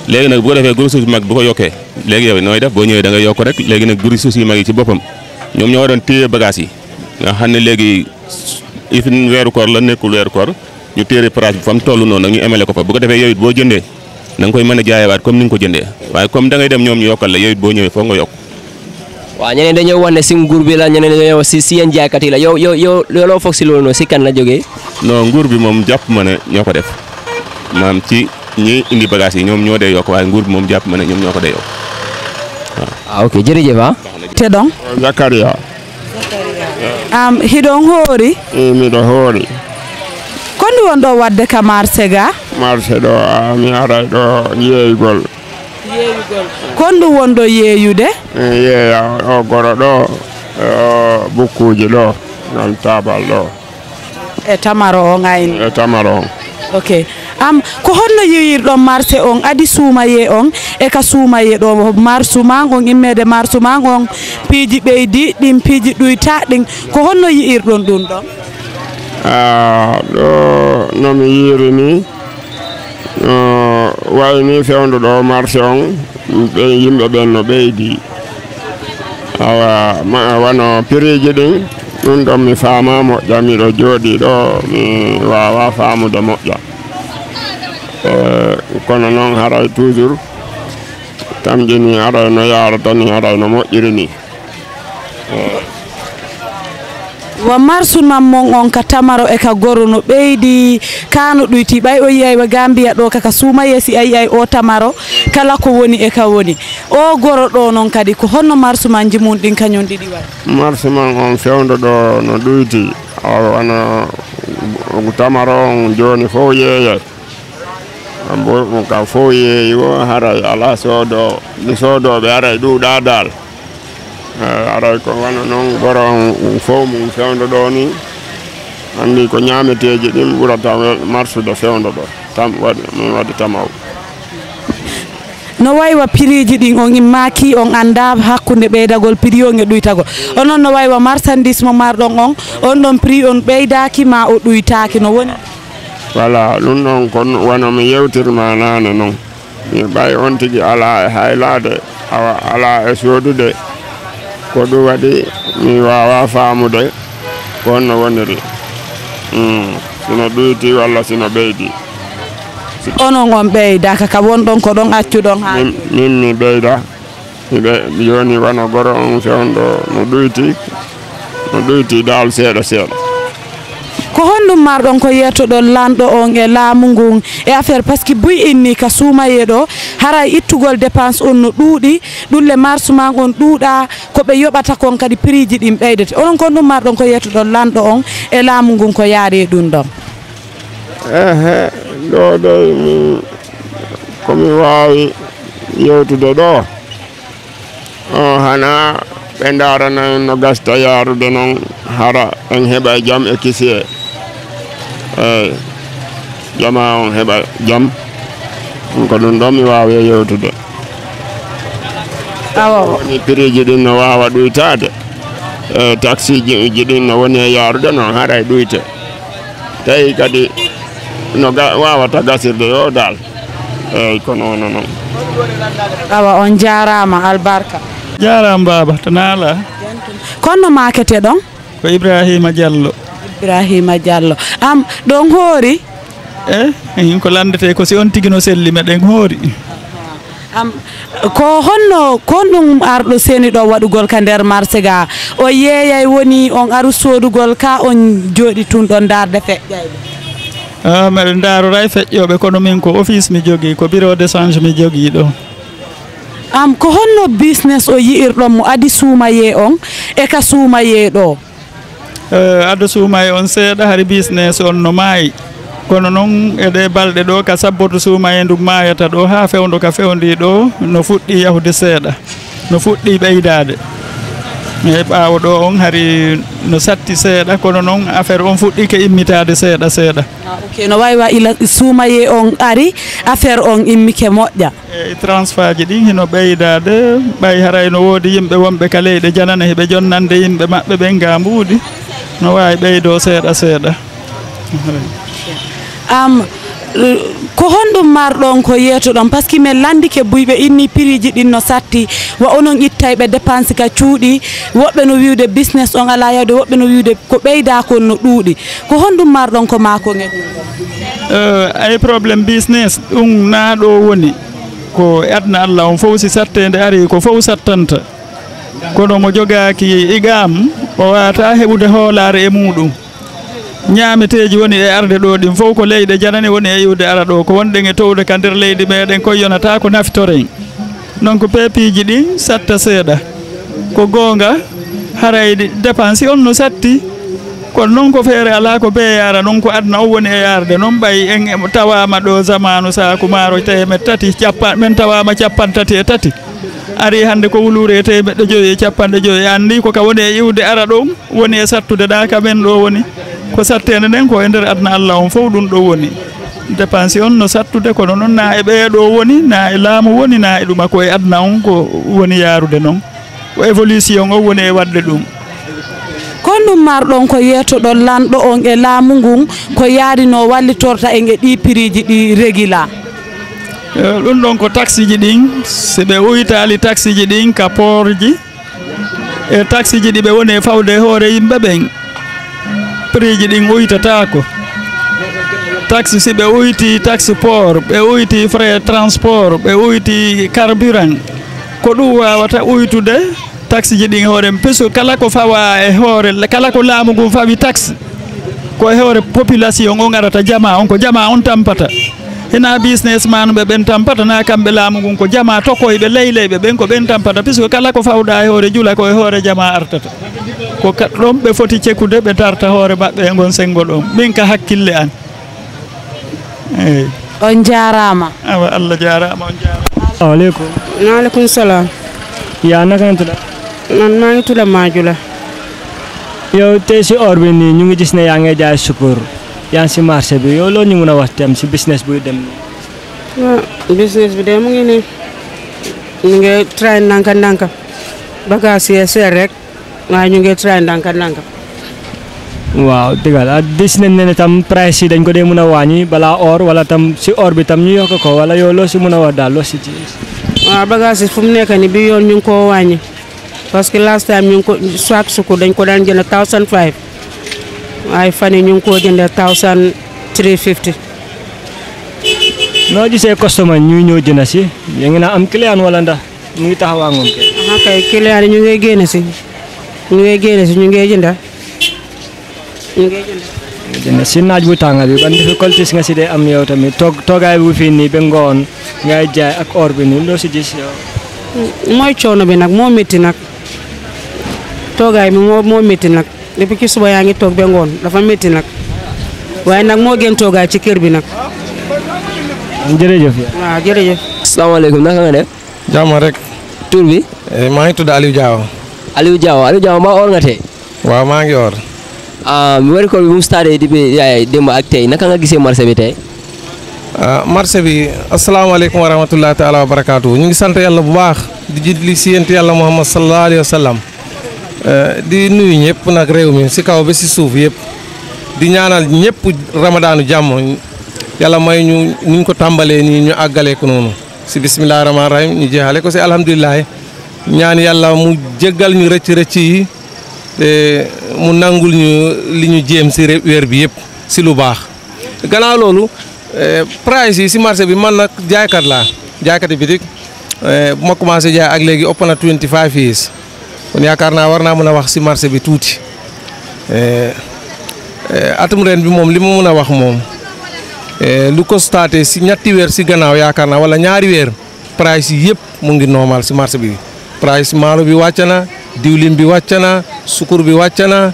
léegi nag bu defee grossiste bu mag bu ko yokkee léegi yow nooy def boo ñëwee da ngay yokk rek léegi nag grossiste yu mag yi ci boppam ñoom ñoo waroon téye bagage yi nga xam ne léegi ifin weeru koor la nekkul weeru koor ñu téere price bi fa mu toll noonu ñu emale ko fa bu ko defee yooyu boo jëndee na koy mën a jaayewaat comme ni nga ko jëndee waaye comme da ngay dem ñoom ñu yokkal la yooyu boo ñëwee foog nga yokk. waaw ñeneen dañoo wax ne si nguur bi la ñeneen dañoo si si yéen jaaykat yi la yow yow yow looloo foog si loolu noonu si kan la jógee. non nguur bi moom jàpp ma ne ñoo ko def maam ci ñi indi bagage yi ñoom ñoo dee yokk waaye nguur bi moom jàpp ma ne ñoom ñoo ko dee yokk waaw. Ah, ok jërëjëf ah. te donc. Zakaria. Zakaria. am hiɗon hoori. Eh, miɗo hoori. hande won ɗo wadde ka marché ga marché ɗo mi aray ɗo yeeygol yeeygol kon ɗum won ɗo yeeyude yeeya o goro ɗo bukkuji ɗo gam tabal ɗo e tamaro o gayni e tamaro o ok am ko honno yeyirɗon marché on adi suumaye on e ka suumaye ɗo marsu ma on immede marsu ma on piiji ɓeydi ɗin piiji ɗoyta ɗin ko honno yiyirɗon ɗum ɗon ɗo nomi yiiri ni uh, way ni fewndo ɗo marché on ɓe yimɓe ɓen no ɓeydi awa wano piriji ɗin ɗum ɗon mi faama moƴƴa miɗo jooɗi ɗo mi wawa faamude moƴƴa uh, kono noon haray toujours tamjini haray no yarata ni haray no moƴƴiri ni uh, wa marsunman mon on ka tamaro e ka goro no ɓeydi kano ɗoyti ɓay o yiyay wa gambiya ɗo kaka suumaye si a yiyay o tamaro kala ko woni e ka woni o goro ɗo noon kadi ko honno marsumanji mum ɗin kañum ɗiɗi marsu man on fewdo ɗo no ɗoyti ana tamaro on joni fo yeeyay ka fo yeeyi o haray ala soodo mi soodoɓe aray ɗuɗa dal Eh, aray ko wana noon goro fof mum fewndo ɗo ni andi ko ñaameteeji ɗin ɓurata marsude fewndo ɗo tam waɗi min waɗi tamaw no waywa piriji ɗin on maaki on anda hakkunde ɓeydagol prix on e ɗoytagol onon no waywa marchandise mo marɗon on on ɗon prix on ɓeydaki ma o ɗoytaki no woni voilà ɗum ɗon ko wona mi yewtirma nane noon mi ɓay on tigi ala e haylade awa ala e sodude ko ɗum waɗi mi wawa faamude ko honno woniri hmm, sino ɗoyti walla sino ɓeydi ono on ɓeyda kaka ɗon ko ɗon accuɗon ha min mi ɓeyda joni wona goro on fewnɗo no ɗoyti no ɗoyti dal seeɗa seeɗa ko honɗum marɗon ko yettoɗo lanɗo on e laamu ngun e affaire par ce que buy inni ka suumaye ɗo hara ittugol dépense on no ɗuuɗi ɗulle marche ma on ɗuuɗa koɓe yoɓata kon kadi prix ji ɗin ɓeydete onon kon ɗum marɗon ko yettoɗo lanɗo on e laamu ngun ko yaari e ɗum ɗon ehe ɗo ɗoy min komi wawi yewtude ɗo o hana ɓe daranan no gasta yarude noon hara en heɓa jaam e kisie eyyi eh, jama on heɓa jam ɗum ko ɗum ɗon mi wawi yewtude woni prix ji ɗin no wawa ɗoytade e taxi ji ɗin no woni e yarude noon haray ɗoyte tawi kadi no wawata gasirde yo dal eyyi eh, ko noon noon awa on jarama albarka jarama baba tana ala kono no makete ɗon ko ibrahima diallo ibrahima diallo am ɗon hoori eyi eh, eh, ko landete ko si on tigino no selli meɗen hoori am ko honno kon ɗum arɗo seni ɗo waɗugol ka nder marché ga o yeeyay woni on aru sodugol ka on jooɗi tun ɗon darde feƴƴayɓe ah, meɗen darora e feƴƴoɓe kono min ko office mi jogi ko bureau d' échange mi jogi ɗo am ko honno business o yi'irɗon mo adi suumaye on e ka suumaye ɗo Eh, adda suuma on seeɗa hari business on no maayi kono noon eɗe balɗe ɗo ka sabboto suumaye ndu maayata ɗo haa fewndo ka fewndi ɗo no fuɗɗi yahude seeɗa no fuɗɗi ɓeydade eyi ɓaawo ɗo on hari no satti seeɗa kono noon affaire on ke immitade seeɗa seeɗa ah, ok no wawi wa ila suumaye on ari affaire on immike moƴƴa eyi transfert ji ɗin hino ɓeydade ɓay haray no woodi yimɓe wonɓe ka leyɗe janane heɓe jonnande yimɓe maɓɓe ɓen ga mbuudi no wawi ɓeydo seeɗa seeɗa am ko honɗum marɗon ko yeetoɗon par ce que min landike buyɓe inni prix ji ɗin no satti wa onon ittay ɓe dépense ka cuuɗi woɓɓe no wiwde business on ala yawde woɓɓe no wiwde ko ɓeydakon no ɗuuɗi ko honɗum marɗon ko mako ngel ay probléme business ɗum naaɗo woni ko adna allah on fo si sattede ari ko fo sattanta kono mo jogaaki igam o waata heɓude hoolaare e muɗum ñaameteeji woni e arde ɗo ɗin fof ko leyɗe janani woni e yiwde ara ɗo ko wonɗen e towde ka ndeer leydi meeɗen koye yonata ko naftoren noon ko peepiiji ɗin satta seeɗa ko goonga harayde dépense on no satti kono noon ko feere alaa ko beeyaara noon ko adna o woni e yaarde noon ɓay en tawaama ɗo zamanu saaku maaro temet tati capa min tawaama capan tati e tati ari hande ko wuluure temeɗɗo joyi e capanɗe joyi e anndi koka woni e iwde ara ɗon woni e sattude ɗa kamen ɗo woni ko sattede nden ko e nder adna allah on fof ɗum ɗo woni dépense on no sattude kono noon na e ɓeeɗo woni na e laamu woni na e ɗuma ko e adna on ko woni yaarude noon ko évolution on woni e waɗde ɗum kon ɗum marɗon ko yeetoɗon lanɗo on e laamu ngun ko yaarino wallitorta en e ɗi prix ji ɗi régula Eh, ɗum ɗon ko taxe ji ɗin si ɓe ɓoyitali taxi ji ɗin ka por ji e taxe ji ɗi ɓe woni e fawde hoore yimɓe ɓen prix ji ɗin uytatako taxe si ɓe uyti taxi port ɓe uyti frais transport ɓe uyti carburant ko ɗum wawata uytude taxe ji ɗin hoore puisque kala ko fawa e hoore kala ko laamu ngun fawi taxe ko e hoore population on arata jama on ko jama on tampata hina businessman ɓe ɓen tampatana kamɓe laamu ngun ko jama tokoyɓe leyleyɓe ɓen ko ɓen tampata puisque kala ko fawɗa e hoore juula ko e hoore jama artata ko ɗon ɓe foti cekkude ɓe tarta hoore maɓɓe e gon sengo ɗon min ka hakkille an eyi eh. on jarama awa allah jarama on jarama aleykum waaleykum salam ya nakanatuɗa on magi tuɗa majula yo tesi orɓe ni ñu ngi gis ne yaa ngay jaay sukur Yang si marché bi yo lo ñu mëna wax dem si business bu dem business bi dem ngi ni ñu ngi try nanka nanka bagage yee sé rek wa ñu ngi try nanka nanka waaw digal a ah, dis nañ ne tam price yi dañ ko dee mën a wàññi or wala tam si or bi tam ñu yokk ko wala yow loo si mën a wax daal loo si ci waaw bagage yi fu mu nekk ni bi yoon ñu ngi koo wàññi parce que last time ñu ngi ko soit suku dañ ko daan jënd 1005 waaye fan yi ñu ngi jëndee thousand three fifty. noo gisee customer ñuy ñëw jënd si ngi naa am client wala ndax ñu ngi taxawaa moom ñu ngi génn si ñu ngi génn si ñu ngi jënd si naaj bu tànga bi ban difficultés nga si dee am yow tamit toog toogaay bu fii nii ba ngoon ngay jaay ak or bi nii loo si gis yow. mooy coono bi nag moo métti nag toogaay bi moo moo métti nag. depuis ci suba yaa ngi toog ba ngoon dafa metti nag waaye nag moo gën toogaay ci kër bi nag. jërëjëf. waaw jërëjëf. asalaamaaleykum naka nga def. jàmm rek. tur bi. Eh, maa ngi tudd Aliou Diaw. Aliou Diaw Aliou Diaw maa nga tey. waaw maa ngi or. wéru koor bi bu mu startee depuis démb ak tey naka nga gisee marché bi tey. Ah, marché bi asalaamaaleykum wa rahmatullahi taala wa barakaatu ñu ngi sant yàlla bu baax di jiitli si yéen yàlla Muhammad sallallahu alayhi wa sallam. Eh, di nuyu ñëpp nag réew mi si kaw ba si suuf yëpp di ñaanal ñëpp ramadaanu jàmm yàlla may ñu nuñ ko tàmbalee nii ñu àggalee ko noonu si bisimilah rahmaani rahim ñu jeexale ko si alhamdulilah ñaan yàlla mu jéggal ñu rëcc rëcc yi te mu nangul ñu li ñu jéem si weer bi yëpp si lu baax. gannaaw loolu eh, price yi si marché bi man nag jaaykat laa jaaykati bitik eh, bu ma commencé jaay ak léegi ëpp na 25 on yaakaar warna war wax si marché bi euh e, atum ren bi mom limu muna wax mom euh moom lu constaté si ñatti wër ci gannaaw yaakaar wala ñaari wër price yépp yëpp ngi normal si marché bi price malu bi waccana diwlin bi waccana sukur bi waccana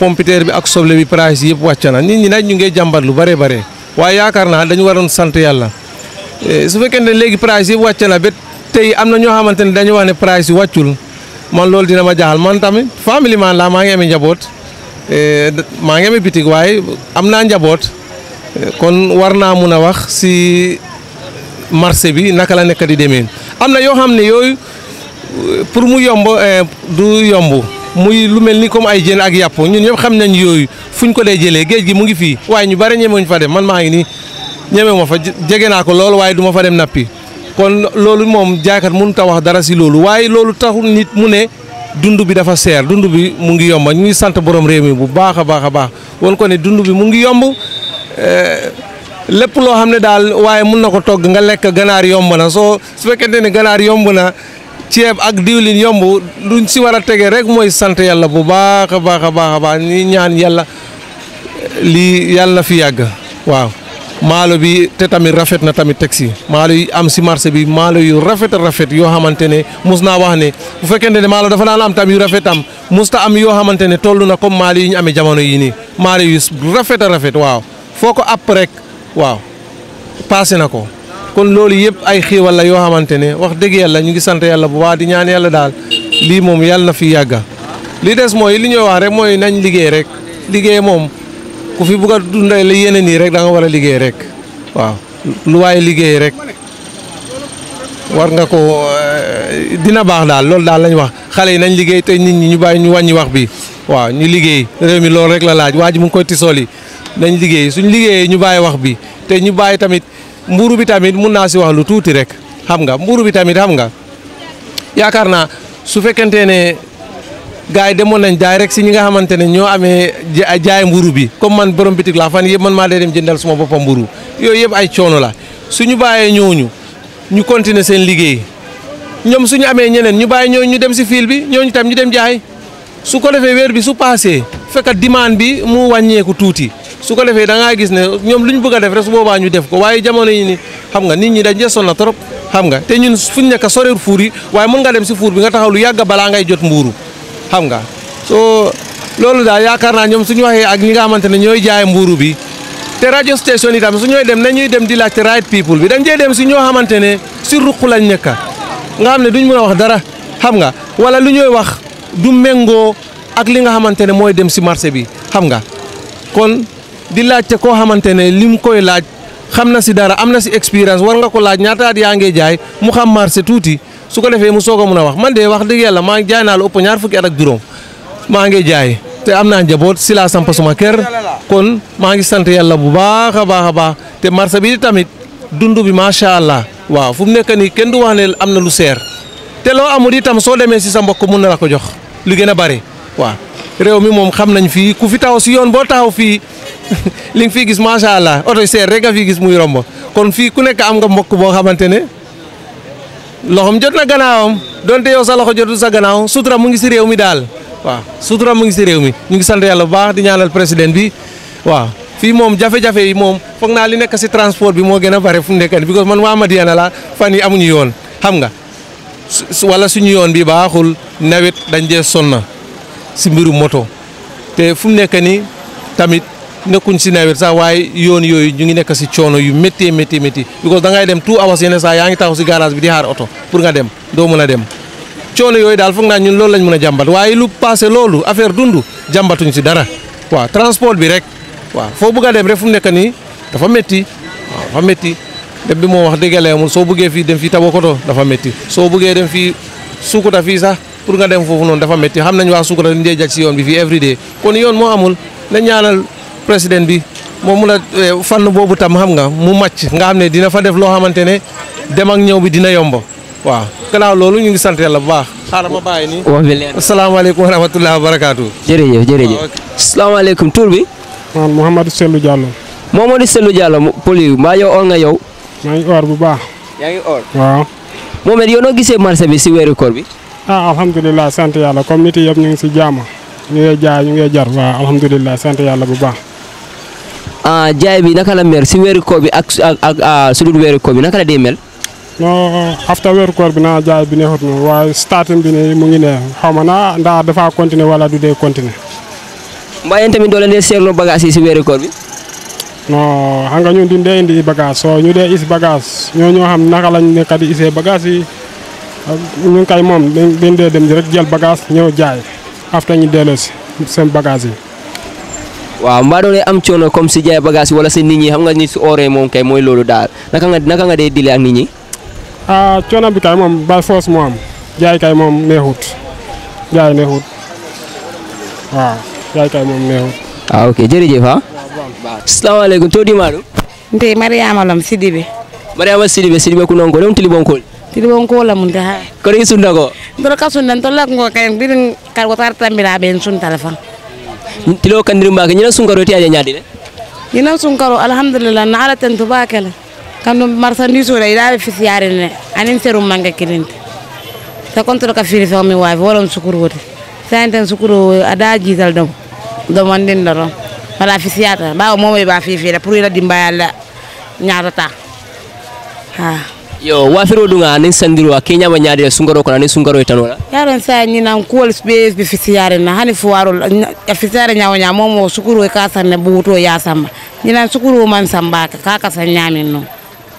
na bi ak soble bi price yépp waccana nit ñi nag ñu ngi jambar lu bare bare waya yaakaar naa dañu sante yalla euh su fekkene ne price yépp waccana bet tay amna ño xamantene dañu wax ne price waccul man loolu dina ma jaaxal man tamit family man laa maa ngi amee njaboot eh, maa ngi amee waaye am naa njaboot kon war naa mun a wax si marché bi naka la nekk di demee am na yoo xam ne yooyu pour mu yomb eh, du yomb muy lu mel ni comme ay jën ak yàpp ñun ñëpp xam nañ yooyu fuñ ko dee jëlee géej gi mu ngi fii waaye ñu bari ñemewuñ fa dem man maa ngi nii ñemewu ma fa jege naa ko lool waaye du ma fa dem nappi. kon loolu moom jaaykat mënut a wax dara si loolu waaye loolu taxul nit mu ne dund bi dafa seer dund bi mu ngi yomb ñu ngi sant borom réew mi bu baax a baax a baax woon ko ne dund bi mu ngi yomb eh, lépp loo xam ne daal waaye mun na ko togg nga lekk ganaar yomb na soo su fekkente ne ganaar yomb na ceeb ak diwlin yomb luñ si war a tege rek mooy sant yàlla bu baax a baax a baax a baax ñi ñaan yàlla lii yàlla fi yàgg waaw. maalo bi te tamit rafet na tamit teg si maalo yi am si marché bi maalo yu rafet a rafet yoo xamante ne mus naa wax ne bu fekkente ne maalo dafa daan am tam yu rafet am musta am yoo xamante ne toll na comme maalo yi ñu amee jamono yi nii maalo yu rafet a rafet waaw foo ko àpp rek waaw passé na ko kon loolu yëpp ay xiiwal la yoo xamante ne wax dëgg yàlla ñu ngi sant yàlla bu waa di ñaan yàlla daal lii moom yàlla na fi yàgga li des mooy li ñuy liggéey rek ku fi bugg a dundee la yéene nii rek da war a liggéey rek waaw lu waaye liggéey rek war nga ko eh, dina baax daal loolu daal lañu wax xale yi nañ liggéey te nit ñi ñu bàyyi ñu wàññi wax bi waaw ñu liggéey réew mi loolu rek la laaj waa ji mu ngi koy tisool yi nañ liggéey suñ liggéeyee ñu bàyyi wax bi te ñu bàyyi tamit mbuuru bi tamit mun naa si wax lu tuuti rek xam nga mburu bi tamit xam nga yaakaar naa su fekkente ne gaay demo nañ direct ci ñi nga xamante jaay mburu bi comme man borom bitik la fan yeb man ma lay dem jëndal suma bopam mburu yoy yeb ay choono la suñu baye ñooñu ñu continuer seen liggéey ñom suñu amé ñeneen ñu baye ñooñu dem si fil bi ñooñu tam ñu dem jaay su ko defee wër bi su passé fekk demand bi mu ko tuuti su ko fe da nga gis né ñom luñu bëgg a def rek su boobaa ñu def ko waye jamono yi ni xam nga nit ñi dañ jëssona na trop xam nga té ñun fuñu nekk sorewul fuur yi mën nga dem si fuur bi nga taxaw lu yàgg bala ngay jot mburu xam nga soo loolu daal yaakaar naa ñoom suñu waxe ak li nga xamante ne ñooy jaay mbuuru bi te radio station itam su ñooy dem nañuy dem di laajte right people bi dañ jee dem si ñoo xamante ne si ruq lañ nekk nga xam ne duñu mën a wax dara xam nga wala lu ñuy wax du méngoo ak li nga xamante ne mooy dem si marché bi xam nga kon di laajte koo xamante ne lim koy laaj xam na si dara am na si expérience war nga ko laaj ñaata yaa ngi jaay mu xam marché tuuti. su ko defee mu soko mëna wax man dé wax dëgg yalla ma ngi jaay naa lu ñaar fukki at ak juroom ma ngi jaay te amna njabot sila sampa suma kër kon ma ngi sante yalla bu baaxa baaxa baax té te marché bi tamit dundu bi sha allah waaw fu kani nekk nii kenn du wax né amna na lu seer te loo amul itam so démé ci sa mbokk na la ko jox lu gëna bari waaw réew mi mom xam nañ ku fi taw ci yoon bo taw fi *laughs* ling fi gis ma sha allah auto sér rek nga fi gis muy rombo kon fi ku nekk am nga mbokk bo loxom jot na gannaawam donte yow sa loxo jotu sa ganaw sutura mu ngi si rew mi dal waaw sutura mu ngi si rew mi ñu ngi sant yalla baax di ñaanal president bi waaw fi mom jafe-jafe yi mom foog li nekk ci transport bi mo gëna bari fu nekk because man wa Madiana la fani amuñu yoon xam nga wala suñu yoon bi baaxul nawet dañ jé sonna ci mbiru moto te fu nekk ni tamit nekkuñ si nawet sax waaye yoon yooyu ñu ngi nekk si coono yu métti métti métti because da ngay dem tout awas yenn saa yaa ngi taxaw si garage bi di xaar oto pour nga dem doo mën a dem coono yooyu daal foog naa ñun loolu lañ mën a jàmbat waaye lu passé loolu affaire dund jàmbatuñ si dara waaw transport bi rek waaw foo bëgg a dem rek fu mu nekk nii dafa métti waaw dafa métti dem bi moo wax dëgg la amul soo bëggee fii dem fii Tabokoto dafa métti soo bëggee dem fii Sukuta fii sax pour nga dem foofu noonu dafa métti xam nañ waa Sukuta dañ dee jag si yoon bi fii every day kon yoon moo amul na ñaanal président bi moom la eh, fann bobu tam xam nga mu match nga xam dina fa def lo xamantene dem ak ñew bi dina yomb wa gannaaw lolu ñu ngi sant yàlla bu baax. xaaral ma bàyyi nii wax bi leer wa rahmatulah jere jere jere assalamu alaykum tour bi. Ah, man Sellou Diallo. di Sellou Diallo poli ma yow or nga yow. ma ngi or bu baax. ya ngi or. wa Mohamed yow gisee marché bi ci wéru koor bi. ah alhamdullilah sant yalla comme nit yëpp ñu ngi ci jaama ñu ngi jaay ñu ngi jar wa alhamdullilah sant yalla bu baax. Ah, jaay bi naka la mel si weeru koor bi ak ak ak ah, su dul weeru koor bi naka la dee mel. non after weeru koor bi naa jaay bi neexut noonu waaye starting bi nii mu ngi ne xaw ma naa ndax dafa continuer wala du dee continuer. mbaa yéen tamit doo leen dee seetlu bagage yi si weeru koor bi. non xam nga ñun duñ dee indi soo ñu dee is bagage ñoo ñoo xam naka lañ nekk di isee bagage yi ñu ngi moom dañ dee dem rek jël bagage ñëw jaay after ñu delloo si seen bagage yi. waaw mbaa doon am coono comme si jaay bagage wala si nit ñi nga ni su ooree moom kay mooy loolu daal naka nga dee dile ak nit ah, coono bi kay moom ba force moo am jaay kay moom neexut jaay neexut waaw jaay kay moom neexut. ah ok jërëjëf ah. salaamaaleykum to dimaɗum nte mariama lam sidiɓe mariama sidiɓe sidiɓe ah. ko noon ko ɗon tilibonkol tilibonkolamunte ha koɗo i sunta ko ndoro ka suntan to lakgo kay mbiɗen kargo tartamiraɓe en sun téléphone tilo kandirin bake ñina sunkaro ti a ñadine ñina sunkaro alhamdulillah na tentu bakele kandu marchandise o ida fi siyarene anin serum manga kirinte te contre ka firi fami wafi wolon sukurote sainten sukuro ada jital dom domandin doron wala fi siyata bawo momo ba fi fi la ila dimbayalla ñaata ta ha yo wafiro dunga ni sandiro a kenya nyari ya sungaro kona ni sungaro itanola yaron sa ni nan kuwol space bifisi fisiyare na hani fuwaro fisi nyawo nyamo mo sukuru ka sanne buto ya samba ni nan sukuru man samba ka ka san nyamin no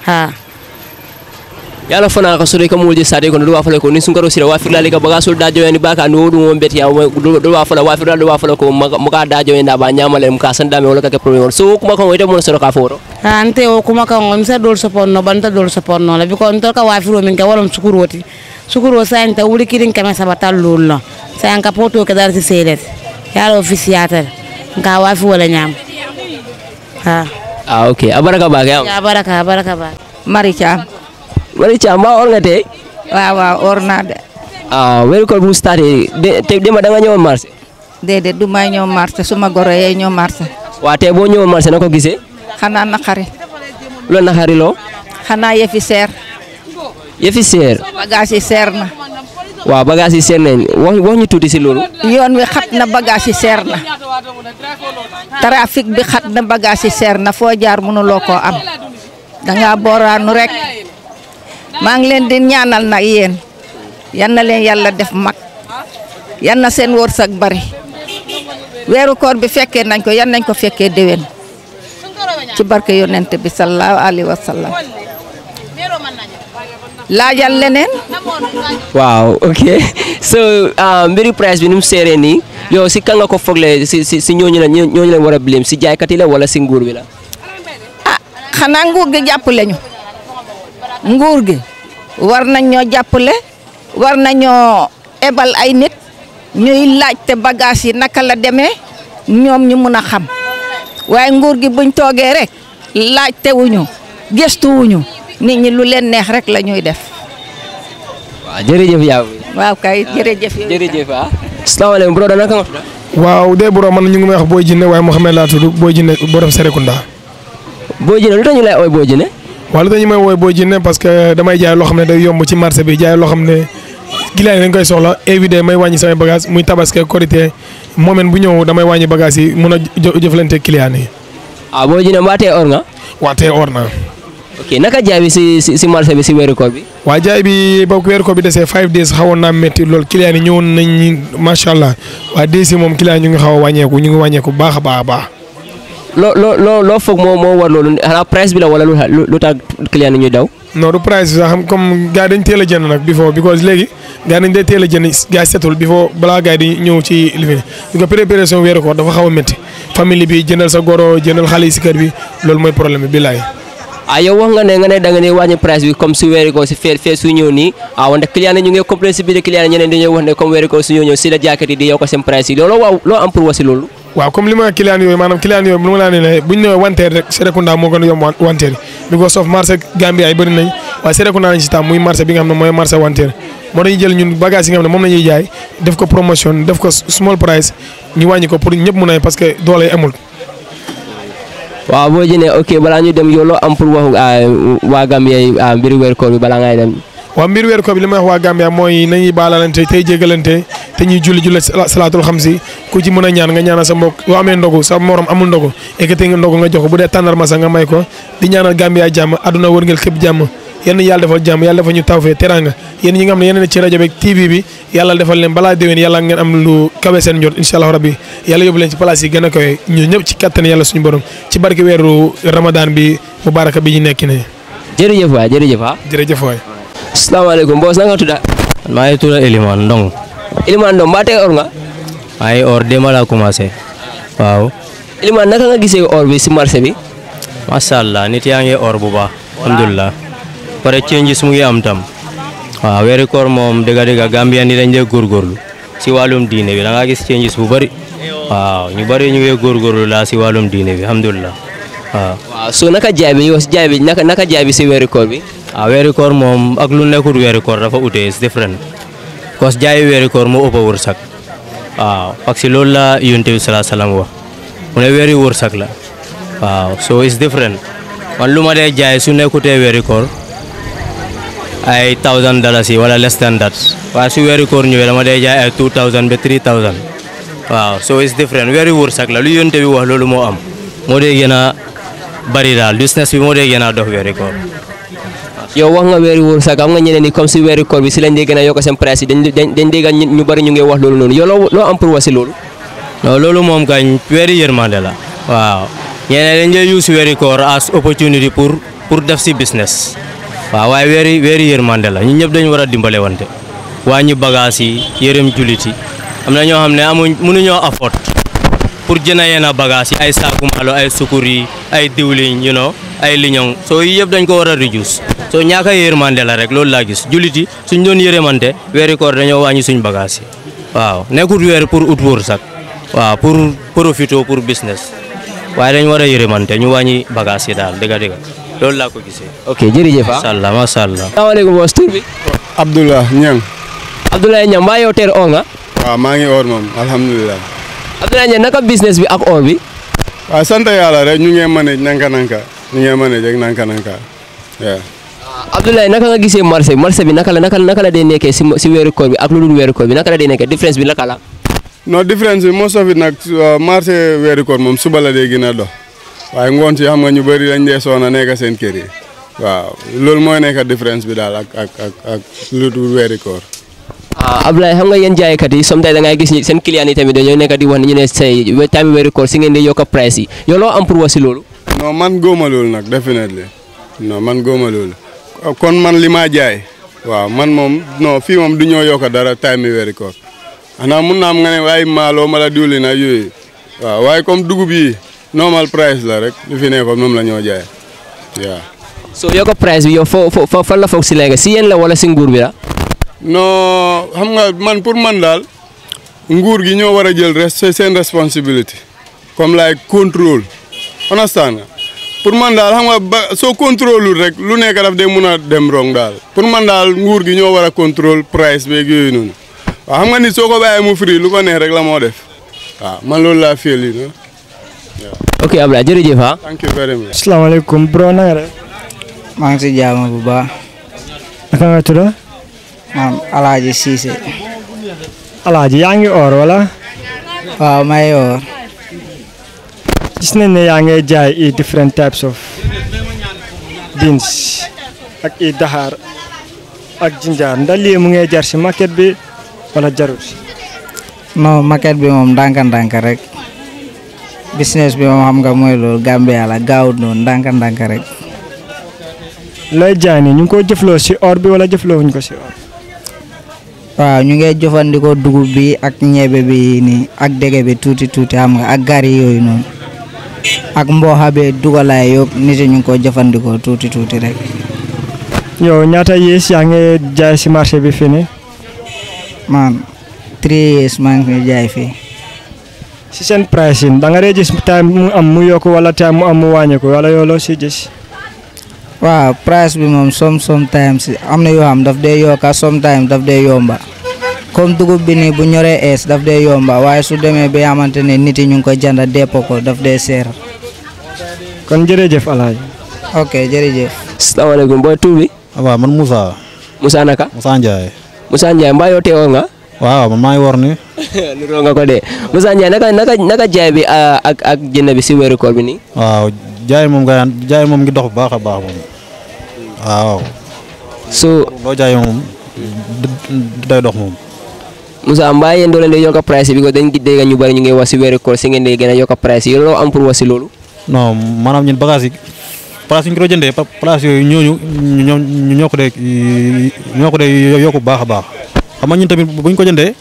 ha yala fana ka sore ka mulje sade ko do wa fala ko ni sunkaro sira wa firla le ka baga sol dajo yani baka no dum on beti ya do wa fala wa firla do wa fala ko muka dajo yana ba nyama le muka san dame wala ka problem so kuma kan wete mon soro ka foro ante o kuma kan on sa dol sopon no banta dol sopon no la bi ko on to ka wa firo min ka wala sukuroti sukuro sa enta wuri kirin batal lol lullo sa an ka poto ka dar si selet yala ofisiater ga wa fi wala nyam ha ah okay abaraka ba ga abaraka abaraka ba maricha Marie Thiam mbaa or nga tey. waaw waaw or naa de. ah weeru koor bu mu starté te dema da nga ñëwoon marché. déedéet du ñëw marché su goro yee ñëw marché. waa tey boo ñëwoon marché na ko gisee. xanaa naqari. loolu naqari loo. xanaa yëfi seer. yëfi seer. bagage yi seer na. waaw bagage yi seer nañ si loolu. yoon wi xat na bagage yi seer na. trafic bi xat na bagage yi seer na foo jaar mënuloo koo am. da booraanu rek. mang ngi leen di ñaanal nak yeen yalla na leen def mak yalla na seen wërsëg bari wéru koor bi féké nañ ko yan nañ ko féké déwén ci barké yonent bi sallallahu alaihi wasallam la yal lenen wow ok so very ah, price bi num séré ni yo si kan nga ko fogle si si si ñooñu la ñooñu la wara si si kat yi la wala si nguur bi la ah xana nguur gi japp lañu nguur gi war nañ ñoo jàppale war nañoo ebal ay nit ñuy laajte bagaas yi naka la demee ñoom ñu mën a xam waaye nguur gi buñ toogee rek laajte wuñu gëstu wuñu nit ñi lu leen neex rek la ñuy def. waaw jërëjëf yaa waaw kay jërëjëf. jërëjëf ah. asalaamaaleykum bro naka nga tudd. man ñu ngi may wax Boy Djiné waaye Mouhamed laa tudd Boy Djiné borom Serekunda. Boy Djiné lu tax ñu lay ooy Boy Djiné. waaw lu tax ñu may wooy boo Djiné parce que damay jaay loo xam ne day yomb ci marché bi jaay loo xam ne gilaay dañ koy soxla éviter may wàññi samay bagage muy tabaske korité moment bu ñëw damay wàññi bagage yi mun a jëflante client yi. ah Boy Djiné mbaa tey or nga. waa tey or naa. ok naka jaay bi si si si marché bi si weeru koor bi. waa jaay bi ba weeru koor bi desee 5 days xawoon naa métti lool client yi ñëwoon nañ macha allah waa 10 moom client ñu ngi xaw a wàññeeku ñu ngi wàññeeku baax a baax baax. lo lo lo loo foog mo moo war loolu xanaa price bi la wala lu lu tax client ñuy daw. non du price sax xam comme gaay dañ téla a jënd nag before because légui gaay dañ dé téla a jënd gars setul before balaa gaay di ñëw ci li fi ko préparation weeru ko dafa xawa metti métti famille bi jëndal sa goro jëndal xali ci kër bi loolu moy problème bi lay ah yow wax nga né nga né da nga né wañu price bi comme su weeru ko ci fee fee su ñëw nii ah wante client ñu ngi complexe bi de client ñeneen dañu wax né comme weeru ko su ñëw ñëw ci la jaakati di yokk seen price yi loolu waaw lo am pour wasi loolu waaw comme li ma client yooyu maanaam client yooyu lu ne ne wanteer rek Serekunda moo gën a yomb wanteer yi because of marché bëri nañ waaye Serekunda lañ si tam muy marché bi nga xam ne mooy marché wanteer moo dañuy jël ñun bagage yi nga xam ne moom la ñuy jaay def ko promotion def ko small price ñu wàññi ko pour ñëpp mun a parce que doole amul. waaw boo jëlee ok balaa ñu dem yow loo am pour wax ah, waa Gambie ah, mbiri weer koor bi balaa ngay dem. waaw mbir weeru koor bi li may wax waa Gambia mooy nañuy baalalante tey jégalante te ñuy julli julli salaatul xam si ku ci mën a ñaan nga ñaanal sa mbokk yoo amee ndogu sa morom amul ndogu ekkati nga ndogu nga jox ko bu dee tàndarma sax nga may ko di ñaanal Gambia jàmm àdduna wërngël képp jàmm yéen yàlla defal jàmm yàlla defal ñu tawfee teranga yéen ñi nga xam ne yéen ci rajo bi TV bi yàlla defal leen balaa déwén yàlla ngeen am lu kawe seen njot incha allah rabbi yàlla yóbbu leen ci a kawe ñu ñëpp ci kattan yàlla suñu borom ci barke weeru ramadan bi mubaraka bi ñu jërëjëf waay ah. salaamaaleykum boos na nga tudd. maa ngi tudd Elimane Ndong. Elimane Ndong mbaa tey or nga. maa or démb laa commencé waaw. Elimane naka nga gisee or bi si marché bi. macha allah nit yaa ngi or bu baax. alhamdulilah pare changes mu ngi tam. waaw weeru koor moom dëgg dëgg Gambien yi dañ dee góorgóorlu si wàllum diine bi da gis changes bu bari waaw ñu bari ñu ngi góorgóorlu laa si wàllum diine bi alhamdulilah waaw. waaw soo naka jaay bi si weeru koor bi. a weeri moom ak lu nekkul weeri koor dafa utee c'est différent cause jaayi weeri koor moo ëpp wërsëg waaw parce loolu la yonent bi salaa salaam wax mu ne weeri wërsëg la waaw so it's different man lu ma dee jaay su nekkutee weeri koor ay thousand dollars yi wala less than that waaye su weeri koor ñëwee ma dee jaay ay two thousand ba three thousand waaw so it's different weeri wërsëg la lu yonent wax loolu moo am moo dee gën a bari daal business bi moo dee gën a dox weeri yo wax nga wéri wur sagam nga ñeneen ni comme si wéri koor bi si lañ dégg na yoko seen price dañ dañ dégg ñu bari ñu ngi wax loolu non yo lo am pour wasi loolu non loolu mom gañ wéri yermandé la waaw ñeneen dañ lay use wéri koor as opportunity pour pour def ci business waaw way wéri wéri yermandé la ñun ñëpp dañ wara dimbalé wante wañu bagage yi yërem juliti amna ño xamné amu mënu ño afford pour jëna yena bagage yi ay saku malo ay sukuri ay diwliñ you know ay liñong so yëpp dañ ko wara reduce so ñaaka yërmande la rek lool la gis juliti suñ doon yërmante wéri koor dañoo wàññi suñ bagage waaw nekut weer pour pour sax waaw pour profito pour business waaye dañ war a yërmante ñu wañi bagage yi daal dëgg dëgg loolu laa ko gisé ok jërëjëf ma ah. masalla masalla. alaykum bi. Abdullah Ñang. abdullah Ñang maa yow ter oo nga. Abdullah nyang, ngi oor mom alhamdullilah abdullah Ñang naka business bi ak oo bi. wa sante yalla rek ñu ngi manage nanka nanka ñu ngi manage rek nanka nanka abdoulaye naka nga gisee marché marché bi naka la naka naka la dee nekkee si si weeru koor bi ak lu dul weeru koor bi naka la dee nekkee différence bi naka la non différence bi moo sofit nag uh, marché weeru koor mom suba la de gina do waye ngont yi xam nga ñu bari lañ dee soona nekk seen kër yi waaw lool moy nekk difference bi dal ak ak ak ak lu dul weeru koor ah ablaye xam nga yeen jaay kat yi som tay da ngay gis ni seen client yi tamit dañoo nekk di wax ni ñu ne say time weeru koor si ngeen di yokk price yi yo lo am pour wasi lool non man goma lool nak definitely non man goma lool Uh, kon man lima maa jaay man mom no fi mom du ñoo yokk dara time weeri ko ana mun na am nga ne waaye maaloo mala diwlin yoy waaw comme dugub yi normal price la rek lu fi nekkoon mom la ñoo jaay waaw. so yoko price bi yo fo fo fan la fo ci léegi si yéen la wala si nguur bi la. No, xam nga man pour man dal nguur gi ñoo jël rest c'est seen responsibility comme like control, understand pour man dal xam nga so contrôle rek lu nek daf day mëna dem rong dal pour man dal nguur gi ño wara contrôle price be gëy ñun xam nga ni soko baye mu free lu ko neex rek la mo def wa man lool la feel yi ok abla jërëjëf ha ah. thank you very much asalaamaaleykum bro na nga ma ngi si bu ba naka nga tudda maam alaaji siise alaaji yaangi or wala wa may or gis nañ ne yaa ngay jaay i different types of beans ak i dahar, ak jinjar ndax lii mu ngay jar ci market bi wala jarul non market bi mom ndànk-ndànk rek business bi mom xam nga moy loolu Gambia la gaaw noonu ndànk-ndànk rek lay jaay ni ñu ko jëflo si or bi wala jëflo wuñ ko si or wa ñu ngay jëfandikoo dugub bi ak ñebbe bi ni ak dege bi tuti-tuti, am nga ak gari yoy non ak mbooxa bi dugalaay yëpp nit ñu ngi ko jëfandikoo tuuti tuuti rek. yo ñaata yees yaa ngi jaay si marché bi fii nii. man three years maa ngi koy jaay fii. si seen price yi da nga dee gis time mu am mu yokku wala time mu am mu wàññeeku wala yow si gis. waaw price bi moom some sometimes am na yoo xam daf dee yokka sometimes daf dee yomba. comme dugub bi nii bu ñoree ees daf dee yomba waaye su demee ba xamante ne nit yi ñu ngi koy jënd depp ko daf dee seer. kon jërëjëf Alaaji. ok jërëjëf. salaamaaleykum booy tur bi. waaw man Moussa. Moussa naka. Moussa Ndiaye. Moussa Ndiaye mbaa yoo ngi wor ni. *laughs* ko dee Moussa Ndiaye naka jaay bi ah, ak ak jënd bi si weeru koor bi nii. waaw jaay moom nga jaay moom ngi dox bu baax a baax moom waaw. su loo jaay moom day dox moom. Moussa mbaa yéen doo leen di yokk price bi ko dañ gi dégg bari ñu ngi wax si weeru koor si ngeen a yokk price yi loo am pour ko jëndee ñoo ko dee ñoo ko baax a baax xam nga ñun tamit buñ ko jëndee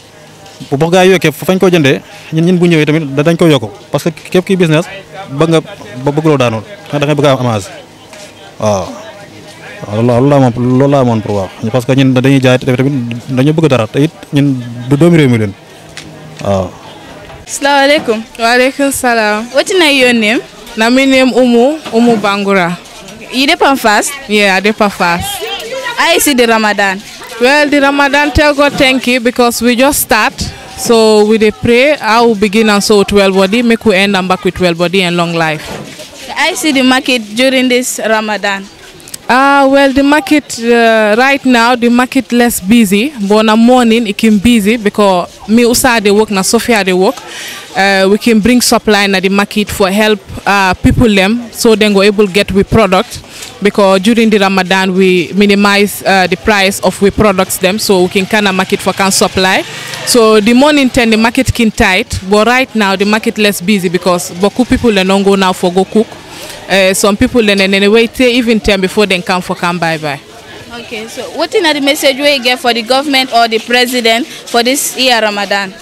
bu box gaa yi yokkee fañ ko jëndee ñun ñun bu ñëwee tamit dañ ko yokku parce que képp kii business bëgg nga bëgg loo daanoon da ngay bëgg waaw loolu loolu laa amoon loolu laa amoon pour wax parce que ñun dañuy jaay te tamit dañu bëgg dara te it ñun du doomi réew mi leen waaw. Ah. salaamaaleykum. waaleykum salaam. What's your name? Na my name Umu Umu Bangura. You dey from fast? Yeah, I dey from fast. I see the Ramadan. Well, the Ramadan tell God thank you because we just start. So we dey pray. I will begin and sow well body, make we end and back with well body and long life. I see the market during this Ramadan. Uh, well, the market uh, right now, the market less busy. But in the morning, it can busy because me also they work, na Sophia they work. Uh, we can bring supply na the market for help uh, people them so they go able get we product because during the Ramadan we minimize uh, the price of we products them so we can kind of market for can supply. So the morning time the market can tight, but right now the market less busy because boku people they don't go now for go cook uh, some people then anyway, then wait even time before they come for come bye bye. Okay, so what are the message we get for the government or the president for this year Ramadan?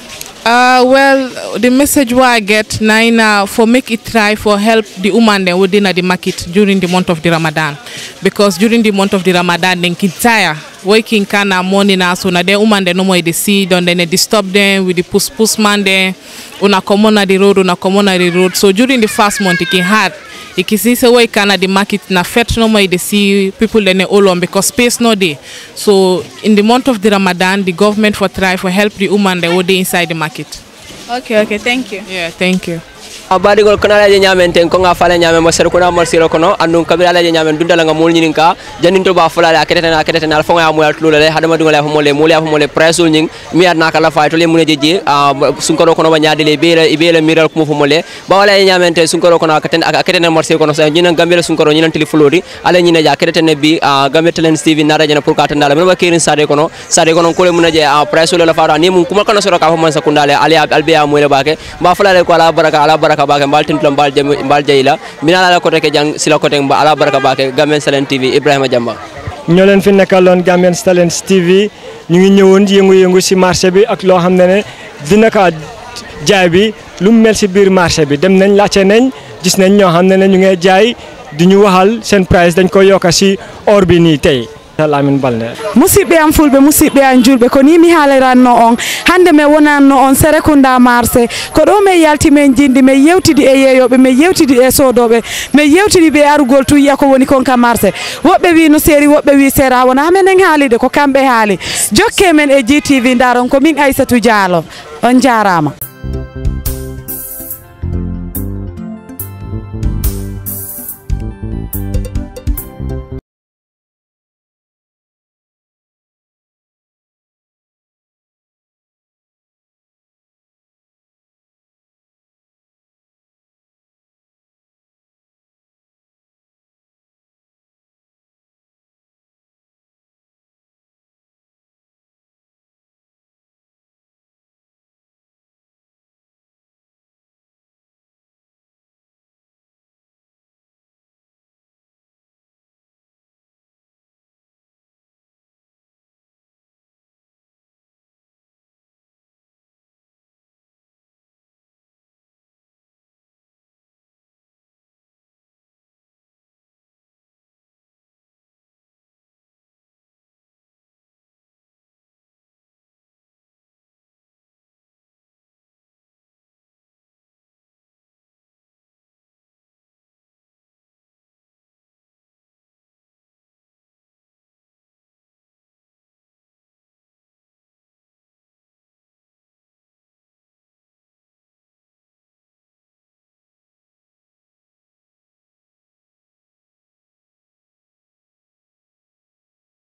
Uh, well, the message what I get now, for make it try for help the woman then within the market during the month of the Ramadan, because during the month of the Ramadan then kintaya waking kind of morning as una there woman they no more they see don't they disturb them with the push push man there una come on the road una come on the road so during the first month it can hard it can see say can at the market na fetch no more they see people then all on because space no day so in the month of the Ramadan the government for try for help the woman they all inside the market okay okay thank you yeah thank you barigol kono alaje ñamen ten ko nga fala ñamen mo ser ko na mor siro kono andum kabira alaje ñamen dunda la nga mol ñinin ka janinto ba fala la ketete na ketete na fo nga mo yal tulo le hadama dunga fo mole mole fo mole presul ñing mi adna kala fa to le mune jeje sun ko kono ba ñaade le beela beela miral ko mo fo mole ba wala ñamen ten sun ko kono aketen aketen mor siro kono sa ñina gambela sun ko ñina tele fulori ala ñina ja ketete ne bi ah, gambela telen steve na rajana pour ka tan dala mo ba kerin sare kono sare kono ko le mune je ah, presul la fa ni mun kuma kono soro ka fo man sakundale ala albe mo le ba ke ba fala le ko ala baraka ala baraka baraka bake mbal tintula mbal mbal jeyila minala ala kote ke jang sila kote mba ala baraka bake Gambian Talents TV Ibrahima Jamba ñoo leen fi nekkaloon Gambian Talents TV ñu ngi ñëwoon yëngu-yëngu si marché bi ak loo xam ne ne dina ka jaay bi lu mu mel si biir marché bi dem nañ laajte nañ gis nañ ñoo xam ne ne ñu ngi jaay di ñu waxal seen price dañ ko yokka si or bi nii tey lamin balde musidɓe am fulɓe musidɓe am julɓe ko ni mi haaliranno on hande me wonanno on sérékunda marché ko ɗo me yalti min jindi min yewtidi e yeeyoɓe min yewtidi e sodoɓe min yewtidi ɓe arugol tuyiya ko woni kon ka marché woɓɓe wi no séri woɓɓe wi séra wona minen haalide ko kamɓe haali jokke men e gtv daron ko min aissatou dialo on jarama